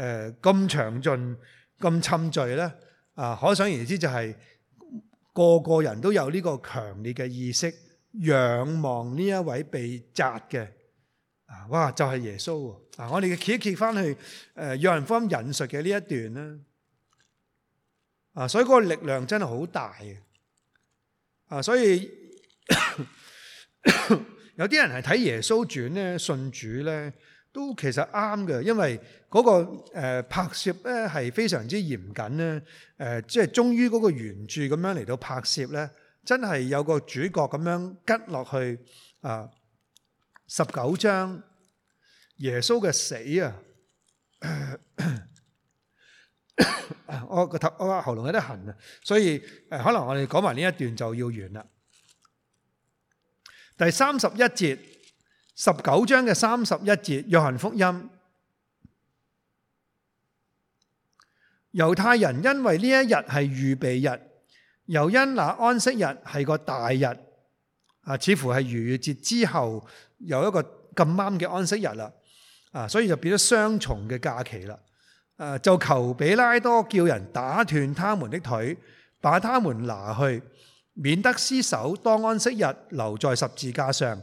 啊，咁詳盡，咁沉醉呢，啊，可想而知就係、是。個個人都有呢個強烈嘅意識，仰望呢一位被扎嘅啊！哇，就係、是、耶穌喎！啊，我哋嘅揭一揭翻去誒約翰福音引述嘅呢一段啦。啊，所以嗰個力量真係好大嘅。啊，所以 *coughs* 有啲人係睇耶穌傳咧，信主咧。都其實啱嘅，因為嗰、嗰個、呃、拍攝咧係非常之嚴謹咧，即係忠於嗰個原著咁樣嚟到拍攝咧，真係有個主角咁樣吉落去啊十九章耶穌嘅死啊！我個頭，我，我個喉嚨有啲痕啊，所以、呃、可能我哋講埋呢一段就要完啦。第三十一節。十九章嘅三十一節，約翰福音，猶太人因為呢一日係預備日，又因那安息日係個大日，啊，似乎係逾越節之後有一個咁啱嘅安息日啦，啊，所以就變咗雙重嘅假期啦，啊，就求彼拉多叫人打斷他們的腿，把他們拿去，免得屍首當安息日留在十字架上。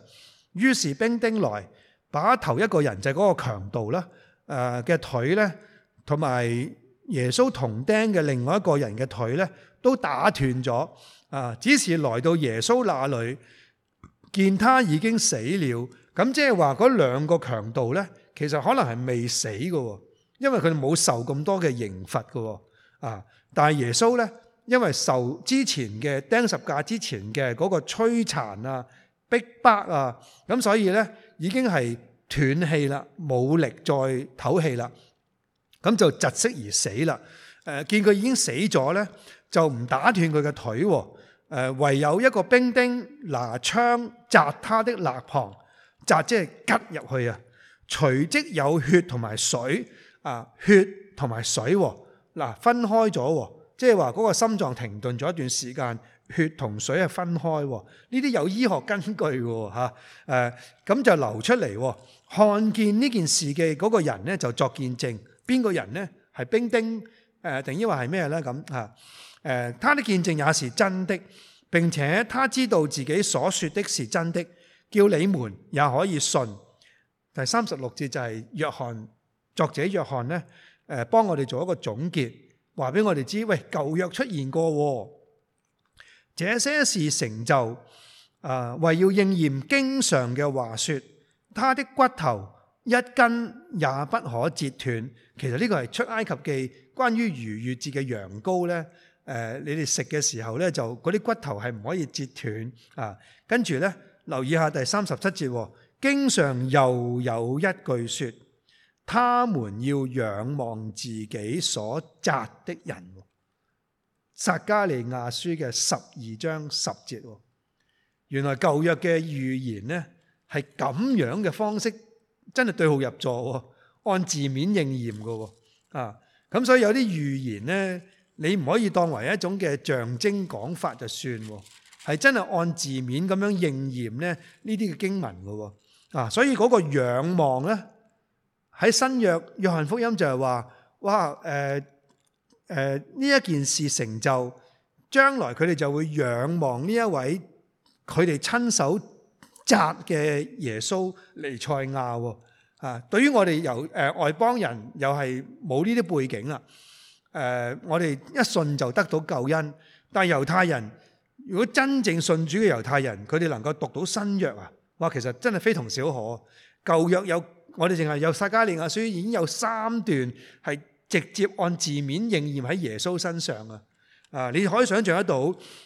於是兵丁來，把頭一個人就係嗰個強盜啦，誒嘅腿咧，同埋耶穌同釘嘅另外一個人嘅腿咧，都打斷咗。啊，只是來到耶穌那裏，見他已經死了。咁即係話嗰兩個強盜咧，其實可能係未死㗎，因為佢冇受咁多嘅刑罰㗎。啊，但係耶穌咧，因為受之前嘅釘十架之前嘅嗰個摧殘啊。逼迫啊！咁所以咧，已經係斷氣啦，冇力再唞氣啦，咁就窒息而死啦。誒，見佢已經死咗咧，就唔打斷佢嘅腿喎。誒，唯有一個兵丁拿槍扎他的肋旁，扎即係吉入去啊！隨即有血同埋水啊，血同埋水喎。嗱，分開咗喎，即係話嗰個心臟停頓咗一段時間。血同水係分開喎，呢啲有醫學根據喎，咁、呃、就流出嚟喎。看見呢件事嘅嗰個人呢，就作見證，邊個人呢？係冰丁定抑或係咩呢？咁、呃、嚇、呃、他的見證也是真的，並且他知道自己所說的是真的，叫你們也可以信。第三十六節就係約翰作者約翰呢，誒、呃，幫我哋做一個總結，話俾我哋知，喂舊約出現過、哦。這些事成就，啊、呃，為要應驗經常嘅話説，他的骨頭一根也不可折斷。其實呢個係出埃及記關於逾越節嘅羊羔呢。誒、呃，你哋食嘅時候呢，就嗰啲骨頭係唔可以折斷啊。跟住呢，留意下第三十七節，經常又有一句説，他們要仰望自己所扎的人。撒迦利亞書嘅十二章十節，原來舊約嘅預言呢係咁樣嘅方式，真係對號入座喎，按字面應驗噶喎，啊，咁所以有啲預言呢，你唔可以當為一種嘅象徵講法就算，係真係按字面咁樣應驗呢呢啲嘅經文噶喎，啊，所以嗰個仰望呢，喺新約約翰福音就係話，哇，誒、呃。誒呢一件事成就，將來佢哋就會仰望呢一位佢哋親手扎嘅耶穌尼賽亞喎。啊、呃，對於我哋由誒外邦人又係冇呢啲背景啊誒、呃，我哋一信就得到救恩，但係猶太人如果真正信主嘅猶太人，佢哋能夠讀到新約啊，哇其實真係非同小可。舊約有我哋淨係有撒迦利亞書已經有三段係直接按字面應驗喺耶穌身上啊！啊，你可以想象得到，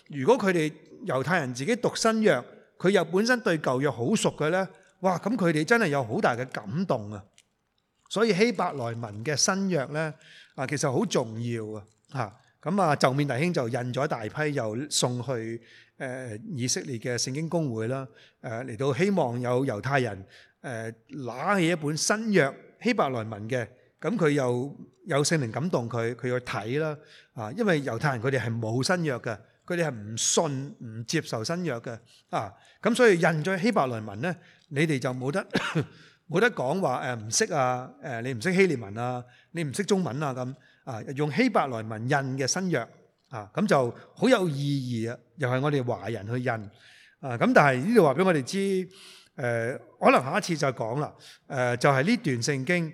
如果佢哋猶太人自己讀新約，佢又本身對舊約好熟嘅呢，哇！咁佢哋真係有好大嘅感動啊！所以希伯來文嘅新約呢啊，其實好重要啊！嚇，咁啊，就面大兄就印咗大批，又送去誒以色列嘅聖經公會啦，誒嚟到希望有猶太人誒拿起一本新約希伯來文嘅。咁佢又有聖靈感動佢，佢去睇啦啊！因為猶太人佢哋係冇新約嘅，佢哋係唔信、唔接受新約嘅啊！咁所以印咗希伯來文咧，你哋就冇得冇得講話誒唔識啊！誒你唔識希臘文啊，你唔識中文啊咁啊，用希伯來文印嘅新約啊，咁就好有意義啊！又係我哋華人去印啊！咁但係呢度話俾我哋知誒，可能下一次就講啦誒，就係呢段聖經。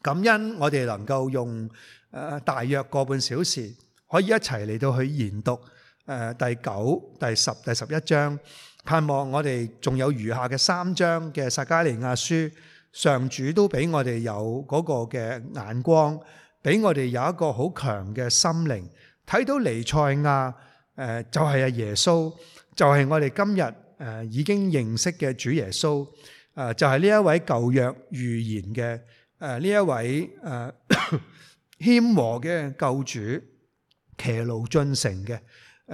感恩我哋能夠用大約個半小時，可以一齊嚟到去研讀第九、第十、第十一章。盼望我哋仲有餘下嘅三章嘅撒迦利亞書，上主都俾我哋有嗰個嘅眼光，俾我哋有一個好強嘅心靈，睇到尼賽亞就係阿耶穌，就係、是、我哋今日已經認識嘅主耶穌，就係呢一位舊約預言嘅。誒、啊、呢一位誒謙、啊、和嘅救主，騎驢進城嘅誒、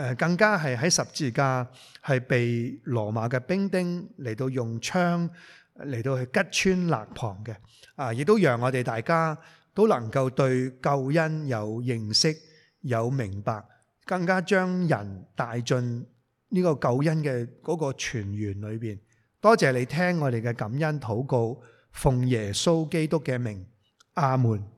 啊，更加係喺十字架係被羅馬嘅兵丁嚟到用槍嚟到去拮穿肋旁嘅，啊！亦都讓我哋大家都能夠對救恩有認識、有明白，更加將人帶進呢個救恩嘅嗰個全圓裏面。多謝你聽我哋嘅感恩禱告。奉耶穌基督嘅名，阿門。